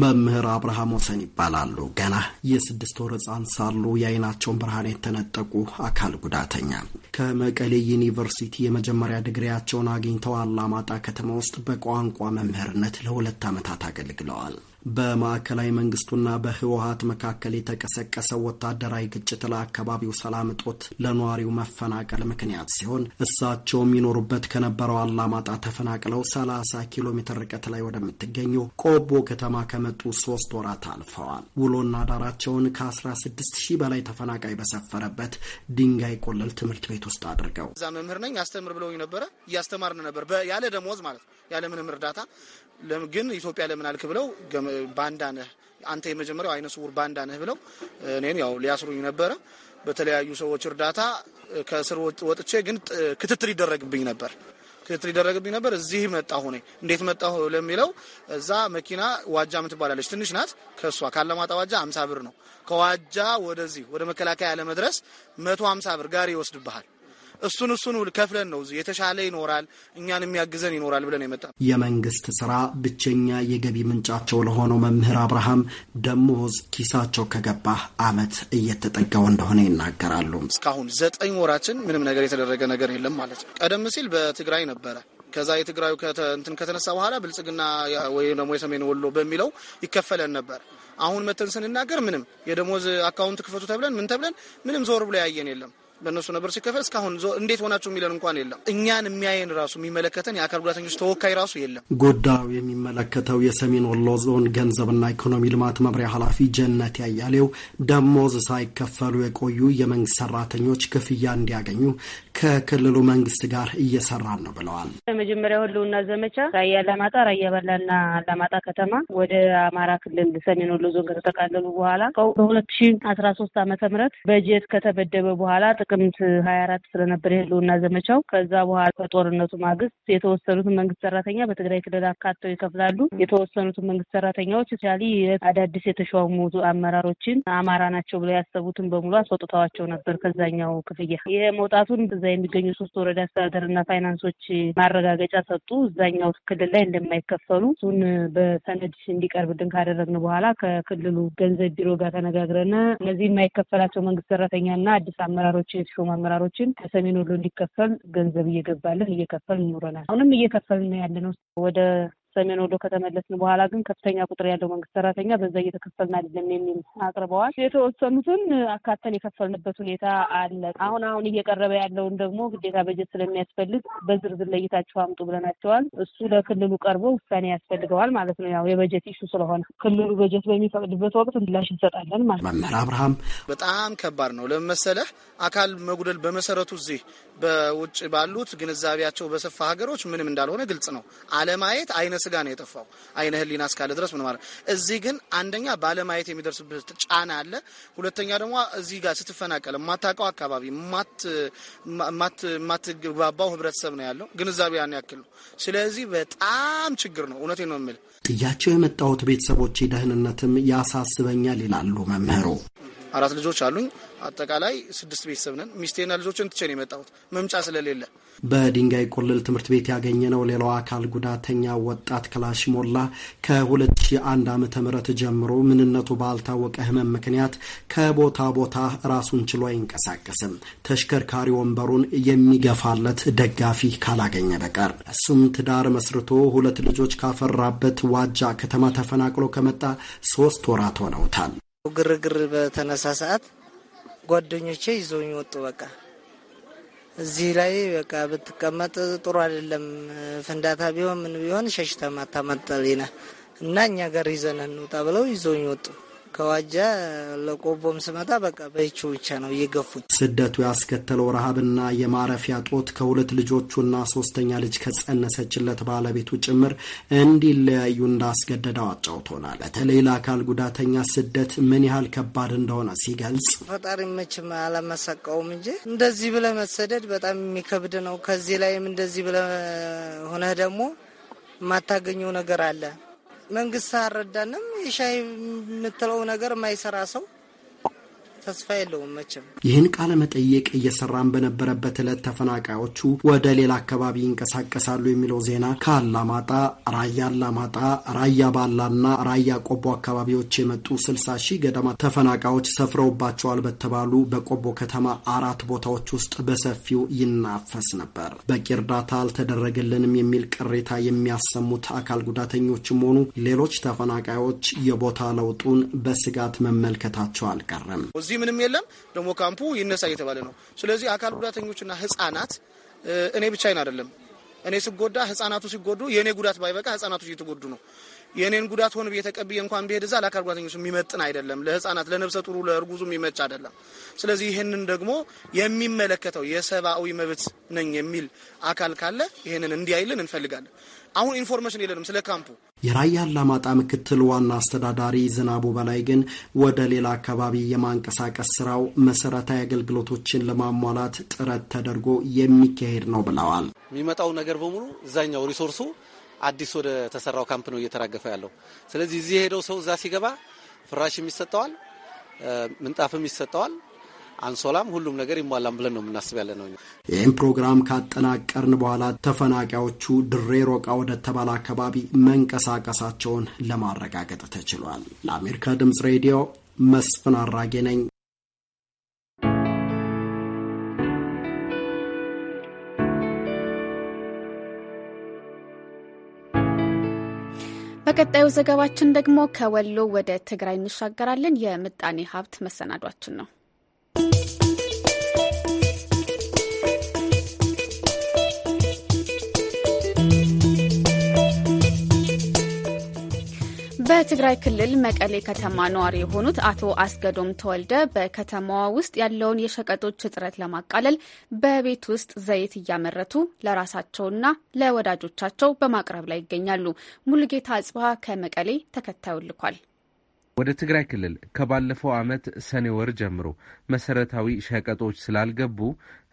[SPEAKER 15] መምህር አብርሃም ወሰን ይባላሉ። ገና የስድስት ወር ህፃን ሳሉ የአይናቸውን ብርሃን የተነጠቁ አካል ጉዳተኛ ከመቀሌ ዩኒቨርሲቲ የመጀመሪያ ዲግሪያቸውን አግኝተው አላማጣ ከተማ ውስጥ በቋንቋ መምህርነት ለሁለት ዓመታት አገልግለዋል። በማዕከላዊ መንግስቱና በህወሀት መካከል የተቀሰቀሰው ወታደራዊ ግጭት ለአካባቢው ሰላም እጦት፣ ለነዋሪው መፈናቀል ምክንያት ሲሆን እሳቸው የሚኖሩበት ከነበረው አላማጣ ተፈናቅለው 30 ኪሎ ሜትር ርቀት ላይ ወደምትገኘው ቆቦ ከተማ ከመጡ ሶስት ወራት አልፈዋል። ውሎና ዳራቸውን ከ16 ሺህ በላይ ተፈናቃይ በሰፈረበት ድንጋይ ቆለል ትምህርት ቤት ውስጥ አድርገው
[SPEAKER 17] እዛ መምህር ነኝ አስተምር ብለውኝ ነበረ። እያስተማርን ነበር ያለ ደሞዝ ማለት ነው ያለምንም እርዳታ ግን ኢትዮጵያ ለምን አልክ ብለው ባንዳ ነህ አንተ የመጀመሪያው አይነ ስውር ባንዳ ነህ ብለው እኔን ያው ሊያስሩኝ ነበረ። በተለያዩ ሰዎች እርዳታ ከእስር ወጥቼ ግን ክትትል ይደረግብኝ ነበር ክትትል ይደረግብኝ ነበር። እዚህ መጣሁ። እኔ እንዴት መጣሁ ለሚለው እዛ መኪና ዋጃ ምትባላለች ትንሽ ናት። ከእሷ ካለማጣ ዋጃ አምሳ ብር ነው። ከዋጃ ወደዚህ ወደ መከላከያ ለመድረስ መቶ አምሳ ብር ጋሪ ይወስድብሃል። እሱን እሱን ከፍለን ነው የተሻለ ይኖራል እኛን የሚያግዘን ይኖራል ብለን የመጣ
[SPEAKER 15] የመንግስት ስራ ብቸኛ የገቢ ምንጫቸው ለሆነው መምህር አብርሃም ደሞዝ ኪሳቸው ከገባ አመት እየተጠጋው እንደሆነ ይናገራሉ።
[SPEAKER 17] እስካሁን ዘጠኝ ወራችን ምንም ነገር የተደረገ ነገር የለም ማለት ነው። ቀደም ሲል በትግራይ ነበረ። ከዛ የትግራዩ እንትን ከተነሳ በኋላ ብልጽግና ወይ ደግሞ የሰሜን ወሎ በሚለው ይከፈለን ነበር። አሁን መተን ስንናገር ምንም የደሞዝ አካውንት ክፈቱ ተብለን ምን ተብለን ምንም ዞር ብሎ ያየን የለም። በእነሱ ነበር ሲከፈል። እስካሁን እንዴት ሆናችሁ የሚለን እንኳን የለም። እኛን የሚያየን ራሱ የሚመለከተን የአካል ጉዳተኞች ተወካይ ራሱ የለም።
[SPEAKER 15] ጉዳዩ የሚመለከተው የሰሜን ወሎ ዞን ገንዘብና ኢኮኖሚ ልማት መምሪያ ኃላፊ ጀነት ያያሌው ደሞዝ ሳይከፈሉ የቆዩ የመንግስት ሰራተኞች ክፍያ እንዲያገኙ ከክልሉ መንግስት ጋር እየሰራን ነው ብለዋል።
[SPEAKER 18] በመጀመሪያው ህልውና ዘመቻ ራያ ለማጣ ራያ በላና ለማጣ ከተማ ወደ አማራ ክልል ሰሜን ወሎ ዞን ከተጠቃለሉ በኋላ በሁለት ሺ አስራ ሶስት አመተ ምህረት በጀት ከተበደበ በኋላ ጥቅምት ሀያ አራት ስለነበር የህልውና ዘመቻው ከዛ በኋላ በጦርነቱ ማግስት የተወሰኑትን መንግስት ሰራተኛ በትግራይ ክልል አካተው ይከፍላሉ። የተወሰኑትን መንግስት ሰራተኛዎች ቻሊ አዳዲስ የተሿሙ አመራሮችን አማራ ናቸው ብለው ያሰቡትን በሙሉ አስወጥተዋቸው ነበር ከዛኛው ክፍያ ይሄ መውጣቱን ላይ የሚገኙ ሶስት ወረዳ አስተዳደርና ፋይናንሶች ማረጋገጫ ሰጡ። እዛኛው ክልል ላይ እንደማይከፈሉ እሱን በሰነድ እንዲቀርብልን ካደረግን በኋላ ከክልሉ ገንዘብ ቢሮ ጋር ተነጋግረን እነዚህ የማይከፈላቸው መንግስት ሰራተኛና አዲስ አመራሮች የተሾሙ አመራሮችን ከሰሜን ወሎ እንዲከፈል ገንዘብ እየገባልን እየከፈል ይኖረናል። አሁንም እየከፈልን ያለነው ወደ ሰሜን ወሎ ከተመለስን በኋላ ግን ከፍተኛ ቁጥር ያለው መንግስት ሰራተኛ በዛ እየተከፈልን አይደለም የሚል አቅርበዋል። የተወሰኑትን አካተን የከፈልንበት ሁኔታ አለ። አሁን አሁን እየቀረበ ያለውን ደግሞ ግዴታ በጀት ስለሚያስፈልግ በዝርዝር ለይታችሁ አምጡ ብለናቸዋል። እሱ ለክልሉ ቀርቦ ውሳኔ ያስፈልገዋል ማለት ነው። ያው የበጀት ኢሹ ስለሆነ ክልሉ በጀት በሚፈቅድበት ወቅት ምላሽ እንሰጣለን ማለት ነው። መምህር
[SPEAKER 17] አብርሃም በጣም ከባድ ነው። ለምን መሰለህ አካል መጉደል በመሰረቱ እዚህ በውጭ ባሉት ግንዛቤያቸው በሰፋ ሀገሮች ምንም እንዳልሆነ ግልጽ ነው። አለማየት አይነ ስጋ ነው የጠፋው። አይነ ህሊና እስካለ ድረስ ምን ማለት እዚህ ግን አንደኛ ባለማየት የሚደርስበት ጫና አለ። ሁለተኛ ደግሞ እዚህ ጋር ስትፈናቀል የማታውቀው አካባቢ የማትግባባው ህብረተሰብ ነው ያለው። ግንዛቤ ያን ያክል ነው። ስለዚህ በጣም ችግር ነው። እውነቴ ነው የምል
[SPEAKER 15] ጥያቸው የመጣሁት ቤተሰቦች ደህንነትም ያሳስበኛል ይላሉ መምህሩ።
[SPEAKER 17] አራት ልጆች አሉኝ። አጠቃላይ ስድስት ቤተሰብ ነን። ሚስቴና ልጆችን ትቼ ነው የመጣሁት መምጫ ስለሌለ።
[SPEAKER 15] በድንጋይ ቁልል ትምህርት ቤት ያገኘነው ሌላው አካል ጉዳተኛ ወጣት ክላሽ ሞላ ከ2001 ዓ ም ጀምሮ ምንነቱ ባልታወቀ ህመም ምክንያት ከቦታ ቦታ ራሱን ችሎ አይንቀሳቀስም። ተሽከርካሪ ወንበሩን የሚገፋለት ደጋፊ ካላገኘ በቀር እሱም ትዳር መስርቶ ሁለት ልጆች ካፈራበት ዋጃ ከተማ ተፈናቅሎ ከመጣ ሶስት ወራት ሆነውታል።
[SPEAKER 12] ግርግር በተነሳ ሰዓት ጓደኞቼ ይዘውኝ ወጡ። በቃ እዚህ ላይ በቃ ብትቀመጥ ጥሩ አይደለም፣ ፍንዳታ ቢሆን ምን ቢሆን ሸሽተ ማታመጠሊና እና እኛ ጋር ይዘን እንውጣ ብለው ይዘውኝ ወጡ። ከዋጃ ለቆቦም ስመጣ በቃ በይቺው ብቻ ነው እየገፉኝ።
[SPEAKER 15] ስደቱ ያስከተለው ረሃብና የማረፊያ ጦት ከሁለት ልጆቹና ሶስተኛ ልጅ ከጸነሰችለት ባለቤቱ ጭምር እንዲለያዩ እንዳስገደደው አጫውቶናል። በተለይ ለአካል ጉዳተኛ ስደት ምን ያህል ከባድ እንደሆነ ሲገልጽ
[SPEAKER 12] ፈጣሪ መችም አላመሰቀውም እንጂ እንደዚህ ብለ መሰደድ በጣም የሚከብድ ነው። ከዚህ ላይም እንደዚህ ብለ ሆነህ ደግሞ የማታገኘው ነገር አለ መንግስት አልረዳንም። የሻይ የምትለው ነገር የማይሰራ ሰው ተስፋ የለውም መቼም።
[SPEAKER 15] ይህን ቃለ መጠየቅ እየሰራን በነበረበት ዕለት ተፈናቃዮቹ ወደ ሌላ አካባቢ ይንቀሳቀሳሉ የሚለው ዜና ከአላማጣ፣ ራያ አላማጣ፣ ራያ ባላና ራያ ቆቦ አካባቢዎች የመጡ ስልሳ ሺህ ገደማ ተፈናቃዮች ሰፍረውባቸዋል በተባሉ በቆቦ ከተማ አራት ቦታዎች ውስጥ በሰፊው ይናፈስ ነበር። በቂ እርዳታ አልተደረገልንም የሚል ቅሬታ የሚያሰሙት አካል ጉዳተኞችም ሆኑ ሌሎች ተፈናቃዮች የቦታ ለውጡን በስጋት መመልከታቸው አልቀረም።
[SPEAKER 17] እዚህ ምንም የለም። ደግሞ ካምፑ ይነሳ እየተባለ ነው። ስለዚህ አካል ጉዳተኞችና ህጻናት እኔ ብቻዬን አይደለም። እኔ ስጎዳ ህጻናቱ ሲጎዱ፣ የእኔ ጉዳት ባይበቃ ህጻናቶች እየተጎዱ ነው። የእኔን ጉዳት ሆን ብዬ ተቀብዬ እንኳን ብሄድ እዛ ለአካል ጉዳተኞች የሚመጥን አይደለም። ለህጻናት፣ ለነብሰ ጡሩ፣ ለእርጉዙ የሚመች አይደለም። ስለዚህ ይህንን ደግሞ የሚመለከተው የሰብአዊ መብት ነኝ የሚል አካል ካለ ይህንን እንዲያይልን እንፈልጋለን። አሁን ኢንፎርሜሽን የለንም ስለ ካምፑ
[SPEAKER 15] የራያ አላማጣ ምክትል ዋና አስተዳዳሪ ዝናቡ በላይ ግን ወደ ሌላ አካባቢ የማንቀሳቀስ ስራው መሰረታዊ አገልግሎቶችን ለማሟላት ጥረት ተደርጎ የሚካሄድ ነው ብለዋል።
[SPEAKER 17] የሚመጣው ነገር በሙሉ እዛኛው ሪሶርሱ አዲስ ወደ ተሰራው ካምፕ ነው እየተራገፈ ያለው። ስለዚህ እዚህ የሄደው ሰው እዛ ሲገባ ፍራሽም ይሰጠዋል፣ ምንጣፍም ይሰጠዋል፣ አንሶላም፣ ሁሉም ነገር ይሟላም ብለን ነው የምናስብ ያለ ነው።
[SPEAKER 15] ይህም ፕሮግራም ካጠናቀርን በኋላ ተፈናቃዮቹ ድሬ ሮቃ ወደ ተባለ አካባቢ መንቀሳቀሳቸውን ለማረጋገጥ ተችሏል። ለአሜሪካ ድምጽ ሬዲዮ መስፍን አራጌ ነኝ።
[SPEAKER 1] በቀጣዩ ዘገባችን ደግሞ ከወሎ ወደ ትግራይ እንሻገራለን። የምጣኔ ሀብት መሰናዷችን ነው። በትግራይ ክልል መቀሌ ከተማ ነዋሪ የሆኑት አቶ አስገዶም ተወልደ በከተማዋ ውስጥ ያለውን የሸቀጦች እጥረት ለማቃለል በቤት ውስጥ ዘይት እያመረቱ ለራሳቸውና ለወዳጆቻቸው በማቅረብ ላይ ይገኛሉ። ሙሉጌታ አጽብሃ ከመቀሌ ተከታዩ ልኳል።
[SPEAKER 19] ወደ ትግራይ ክልል ከባለፈው ዓመት ሰኔ ወር ጀምሮ መሰረታዊ ሸቀጦች ስላልገቡ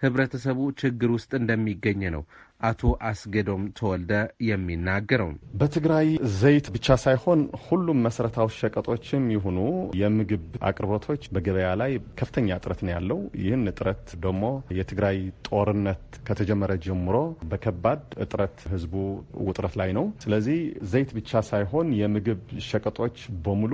[SPEAKER 19] ህብረተሰቡ ችግር ውስጥ እንደሚገኝ ነው አቶ አስገዶም ተወልደ የሚናገረው
[SPEAKER 20] በትግራይ ዘይት ብቻ ሳይሆን ሁሉም መሰረታዊ ሸቀጦችም ይሁኑ የምግብ አቅርቦቶች በገበያ ላይ ከፍተኛ እጥረት ነው ያለው። ይህን እጥረት ደግሞ የትግራይ ጦርነት ከተጀመረ ጀምሮ በከባድ እጥረት ህዝቡ ውጥረት ላይ ነው። ስለዚህ ዘይት ብቻ ሳይሆን የምግብ ሸቀጦች በሙሉ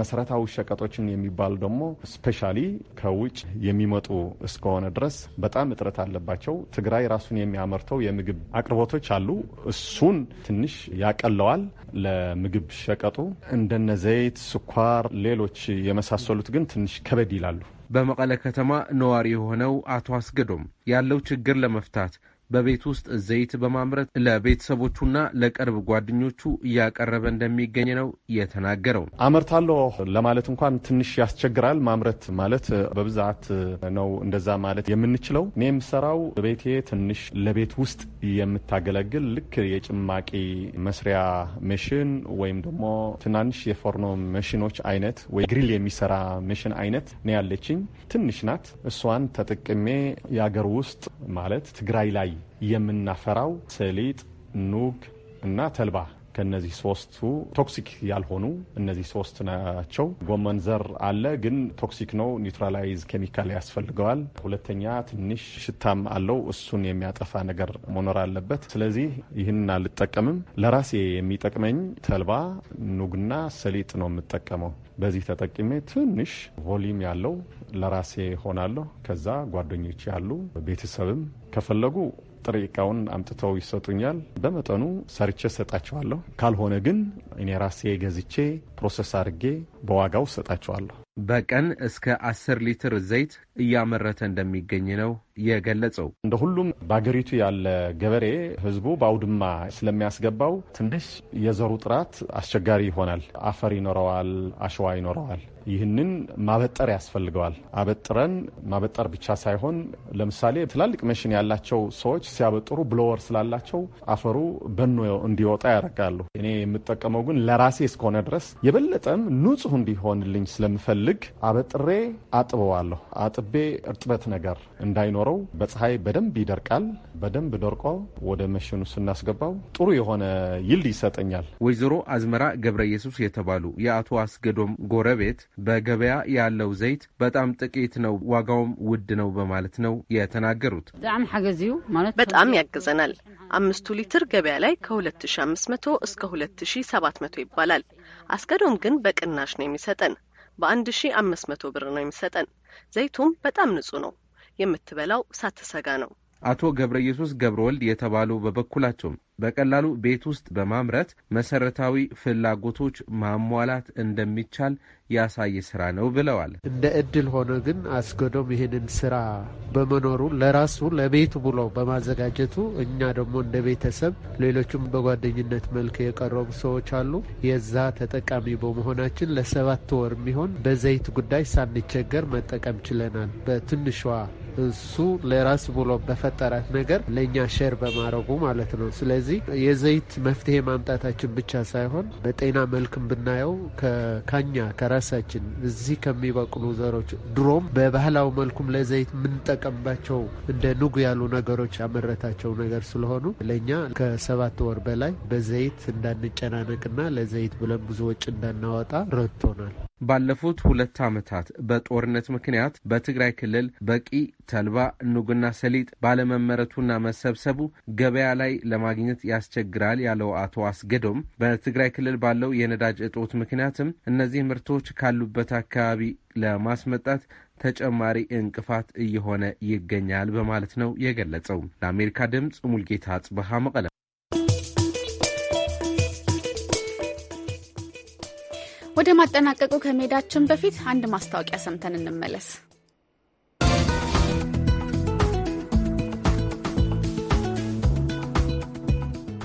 [SPEAKER 20] መሰረታዊ ሸቀጦችን የሚባሉ ደግሞ ስፔሻሊ ከውጭ የሚመጡ እስከሆነ ድረስ በጣም እጥረት አለባቸው። ትግራይ ራሱን የሚያመርተው የምግብ አቅርቦቶች አሉ። እሱን ትንሽ ያቀለዋል።
[SPEAKER 19] ለምግብ ሸቀጡ እንደነ ዘይት፣ ስኳር፣ ሌሎች የመሳሰሉት ግን ትንሽ ከበድ ይላሉ። በመቀለ ከተማ ነዋሪ የሆነው አቶ አስገዶም ያለው ችግር ለመፍታት በቤት ውስጥ ዘይት በማምረት ለቤተሰቦቹና ለቅርብ ጓደኞቹ እያቀረበ እንደሚገኝ ነው የተናገረው። አመርታለሁ ለማለት እንኳን ትንሽ ያስቸግራል። ማምረት
[SPEAKER 20] ማለት በብዛት ነው እንደዛ ማለት የምንችለው። እኔ የምሰራው ቤቴ ትንሽ ለቤት ውስጥ የምታገለግል ልክ የጭማቂ መስሪያ መሽን ወይም ደግሞ ትናንሽ የፎርኖ መሽኖች አይነት ወይ ግሪል የሚሰራ መሽን አይነት ነው ያለችኝ። ትንሽ ናት። እሷን ተጠቅሜ የአገር ውስጥ ማለት ትግራይ ላይ የምናፈራው ሰሊጥ፣ ኑግ እና ተልባ ከነዚህ ሶስቱ ቶክሲክ ያልሆኑ እነዚህ ሶስት ናቸው። ጎመን ዘር አለ፣ ግን ቶክሲክ ነው። ኒውትራላይዝ ኬሚካል ያስፈልገዋል። ሁለተኛ ትንሽ ሽታም አለው። እሱን የሚያጠፋ ነገር መኖር አለበት። ስለዚህ ይህንን አልጠቀምም። ለራሴ የሚጠቅመኝ ተልባ፣ ኑግና ሰሊጥ ነው የምጠቀመው። በዚህ ተጠቅሜ ትንሽ ቮሊም ያለው ለራሴ ሆናለሁ። ከዛ ጓደኞች ያሉ ቤተሰብም ከፈለጉ ጥሬ እቃውን አምጥተው ይሰጡኛል። በመጠኑ ሰርቼ ሰጣቸዋለሁ። ካልሆነ ግን
[SPEAKER 19] እኔ ራሴ ገዝቼ ፕሮሰስ አድርጌ በዋጋው ሰጣቸዋለሁ። በቀን እስከ አስር ሊትር ዘይት እያመረተ እንደሚገኝ ነው የገለጸው። እንደ ሁሉም በሀገሪቱ ያለ ገበሬ ህዝቡ በአውድማ ስለሚያስገባው ትንሽ የዘሩ ጥራት
[SPEAKER 20] አስቸጋሪ ይሆናል። አፈር ይኖረዋል፣ አሸዋ ይኖረዋል። ይህንን ማበጠር ያስፈልገዋል። አበጥረን ማበጠር ብቻ ሳይሆን ለምሳሌ ትላልቅ መሽን ያላቸው ሰዎች ሲያበጥሩ ብሎወር ስላላቸው አፈሩ በኖ እንዲወጣ ያደርጋሉ። እኔ የምጠቀመው ግን ለራሴ እስከሆነ ድረስ የበለጠም ንጹህ እንዲሆንልኝ ስለምፈልግ አበጥሬ አጥበዋለሁ። አጥቤ እርጥበት ነገር እንዳይኖረው በፀሐይ በደንብ ይደርቃል።
[SPEAKER 19] በደንብ ደርቆ ወደ መሽኑ ስናስገባው ጥሩ የሆነ ይልድ ይሰጠኛል። ወይዘሮ አዝመራ ገብረ ኢየሱስ የተባሉ የአቶ አስገዶም ጎረቤት በገበያ ያለው ዘይት በጣም ጥቂት ነው፣ ዋጋውም ውድ ነው በማለት ነው የተናገሩት።
[SPEAKER 16] በጣም ሓገዚዩ ማለት በጣም ያግዘናል። አምስቱ ሊትር ገበያ ላይ ከ2500 እስከ 2700 ይባላል። አስገዶም ግን በቅናሽ ነው የሚሰጠን በ1500 መቶ ብር ነው የሚሰጠን። ዘይቱም በጣም ንጹህ ነው። የምትበላው ሳትሰጋ ነው።
[SPEAKER 19] አቶ ገብረ ኢየሱስ ገብረ ወልድ የተባሉ በበኩላቸው በቀላሉ ቤት ውስጥ በማምረት መሰረታዊ ፍላጎቶች ማሟላት እንደሚቻል ያሳይ ስራ ነው ብለዋል። እንደ እድል
[SPEAKER 10] ሆነ ግን አስገዶም ይህንን ስራ በመኖሩ ለራሱ ለቤቱ ብሎ በማዘጋጀቱ እኛ ደግሞ እንደ ቤተሰብ ሌሎችም በጓደኝነት መልክ የቀረቡ ሰዎች አሉ። የዛ ተጠቃሚ በመሆናችን ለሰባት ወር የሚሆን በዘይት ጉዳይ ሳንቸገር መጠቀም ችለናል። በትንሿ እሱ ለራሱ ብሎ በፈጠራት ነገር ለእኛ ሼር በማድረጉ ማለት ነው። ስለዚህ ስለዚህ የዘይት መፍትሄ ማምጣታችን ብቻ ሳይሆን በጤና መልክም ብናየው ከካኛ ከራሳችን እዚህ ከሚበቅሉ ዘሮች ድሮም በባህላዊ መልኩም ለዘይት የምንጠቀምባቸው እንደ ንጉ ያሉ ነገሮች ያመረታቸው ነገር ስለሆኑ ለእኛ ከሰባት ወር በላይ በዘይት እንዳንጨናነቅና ለዘይት ብለን ብዙ ወጪ እንዳናወጣ ረድቶናል።
[SPEAKER 19] ባለፉት ሁለት ዓመታት በጦርነት ምክንያት በትግራይ ክልል በቂ ተልባ፣ ኑግና ሰሊጥ ባለመመረቱና መሰብሰቡ ገበያ ላይ ለማግኘት ያስቸግራል ያለው አቶ አስገዶም በትግራይ ክልል ባለው የነዳጅ እጦት ምክንያትም እነዚህ ምርቶች ካሉበት አካባቢ ለማስመጣት ተጨማሪ እንቅፋት እየሆነ ይገኛል በማለት ነው የገለጸው። ለአሜሪካ ድምፅ ሙልጌታ አጽብሃ መቀለ
[SPEAKER 1] ወደ ማጠናቀቁ ከመሄዳችን በፊት አንድ ማስታወቂያ ሰምተን እንመለስ።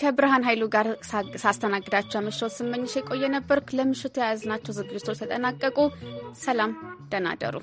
[SPEAKER 1] ከብርሃን ኃይሉ ጋር ሳስተናግዳቸው ምሽት ስመኝሽ የቆየ ነበርኩ። ለምሽቱ የያዝናቸው ዝግጅቶች ተጠናቀቁ። ሰላም፣ ደህና ደሩ።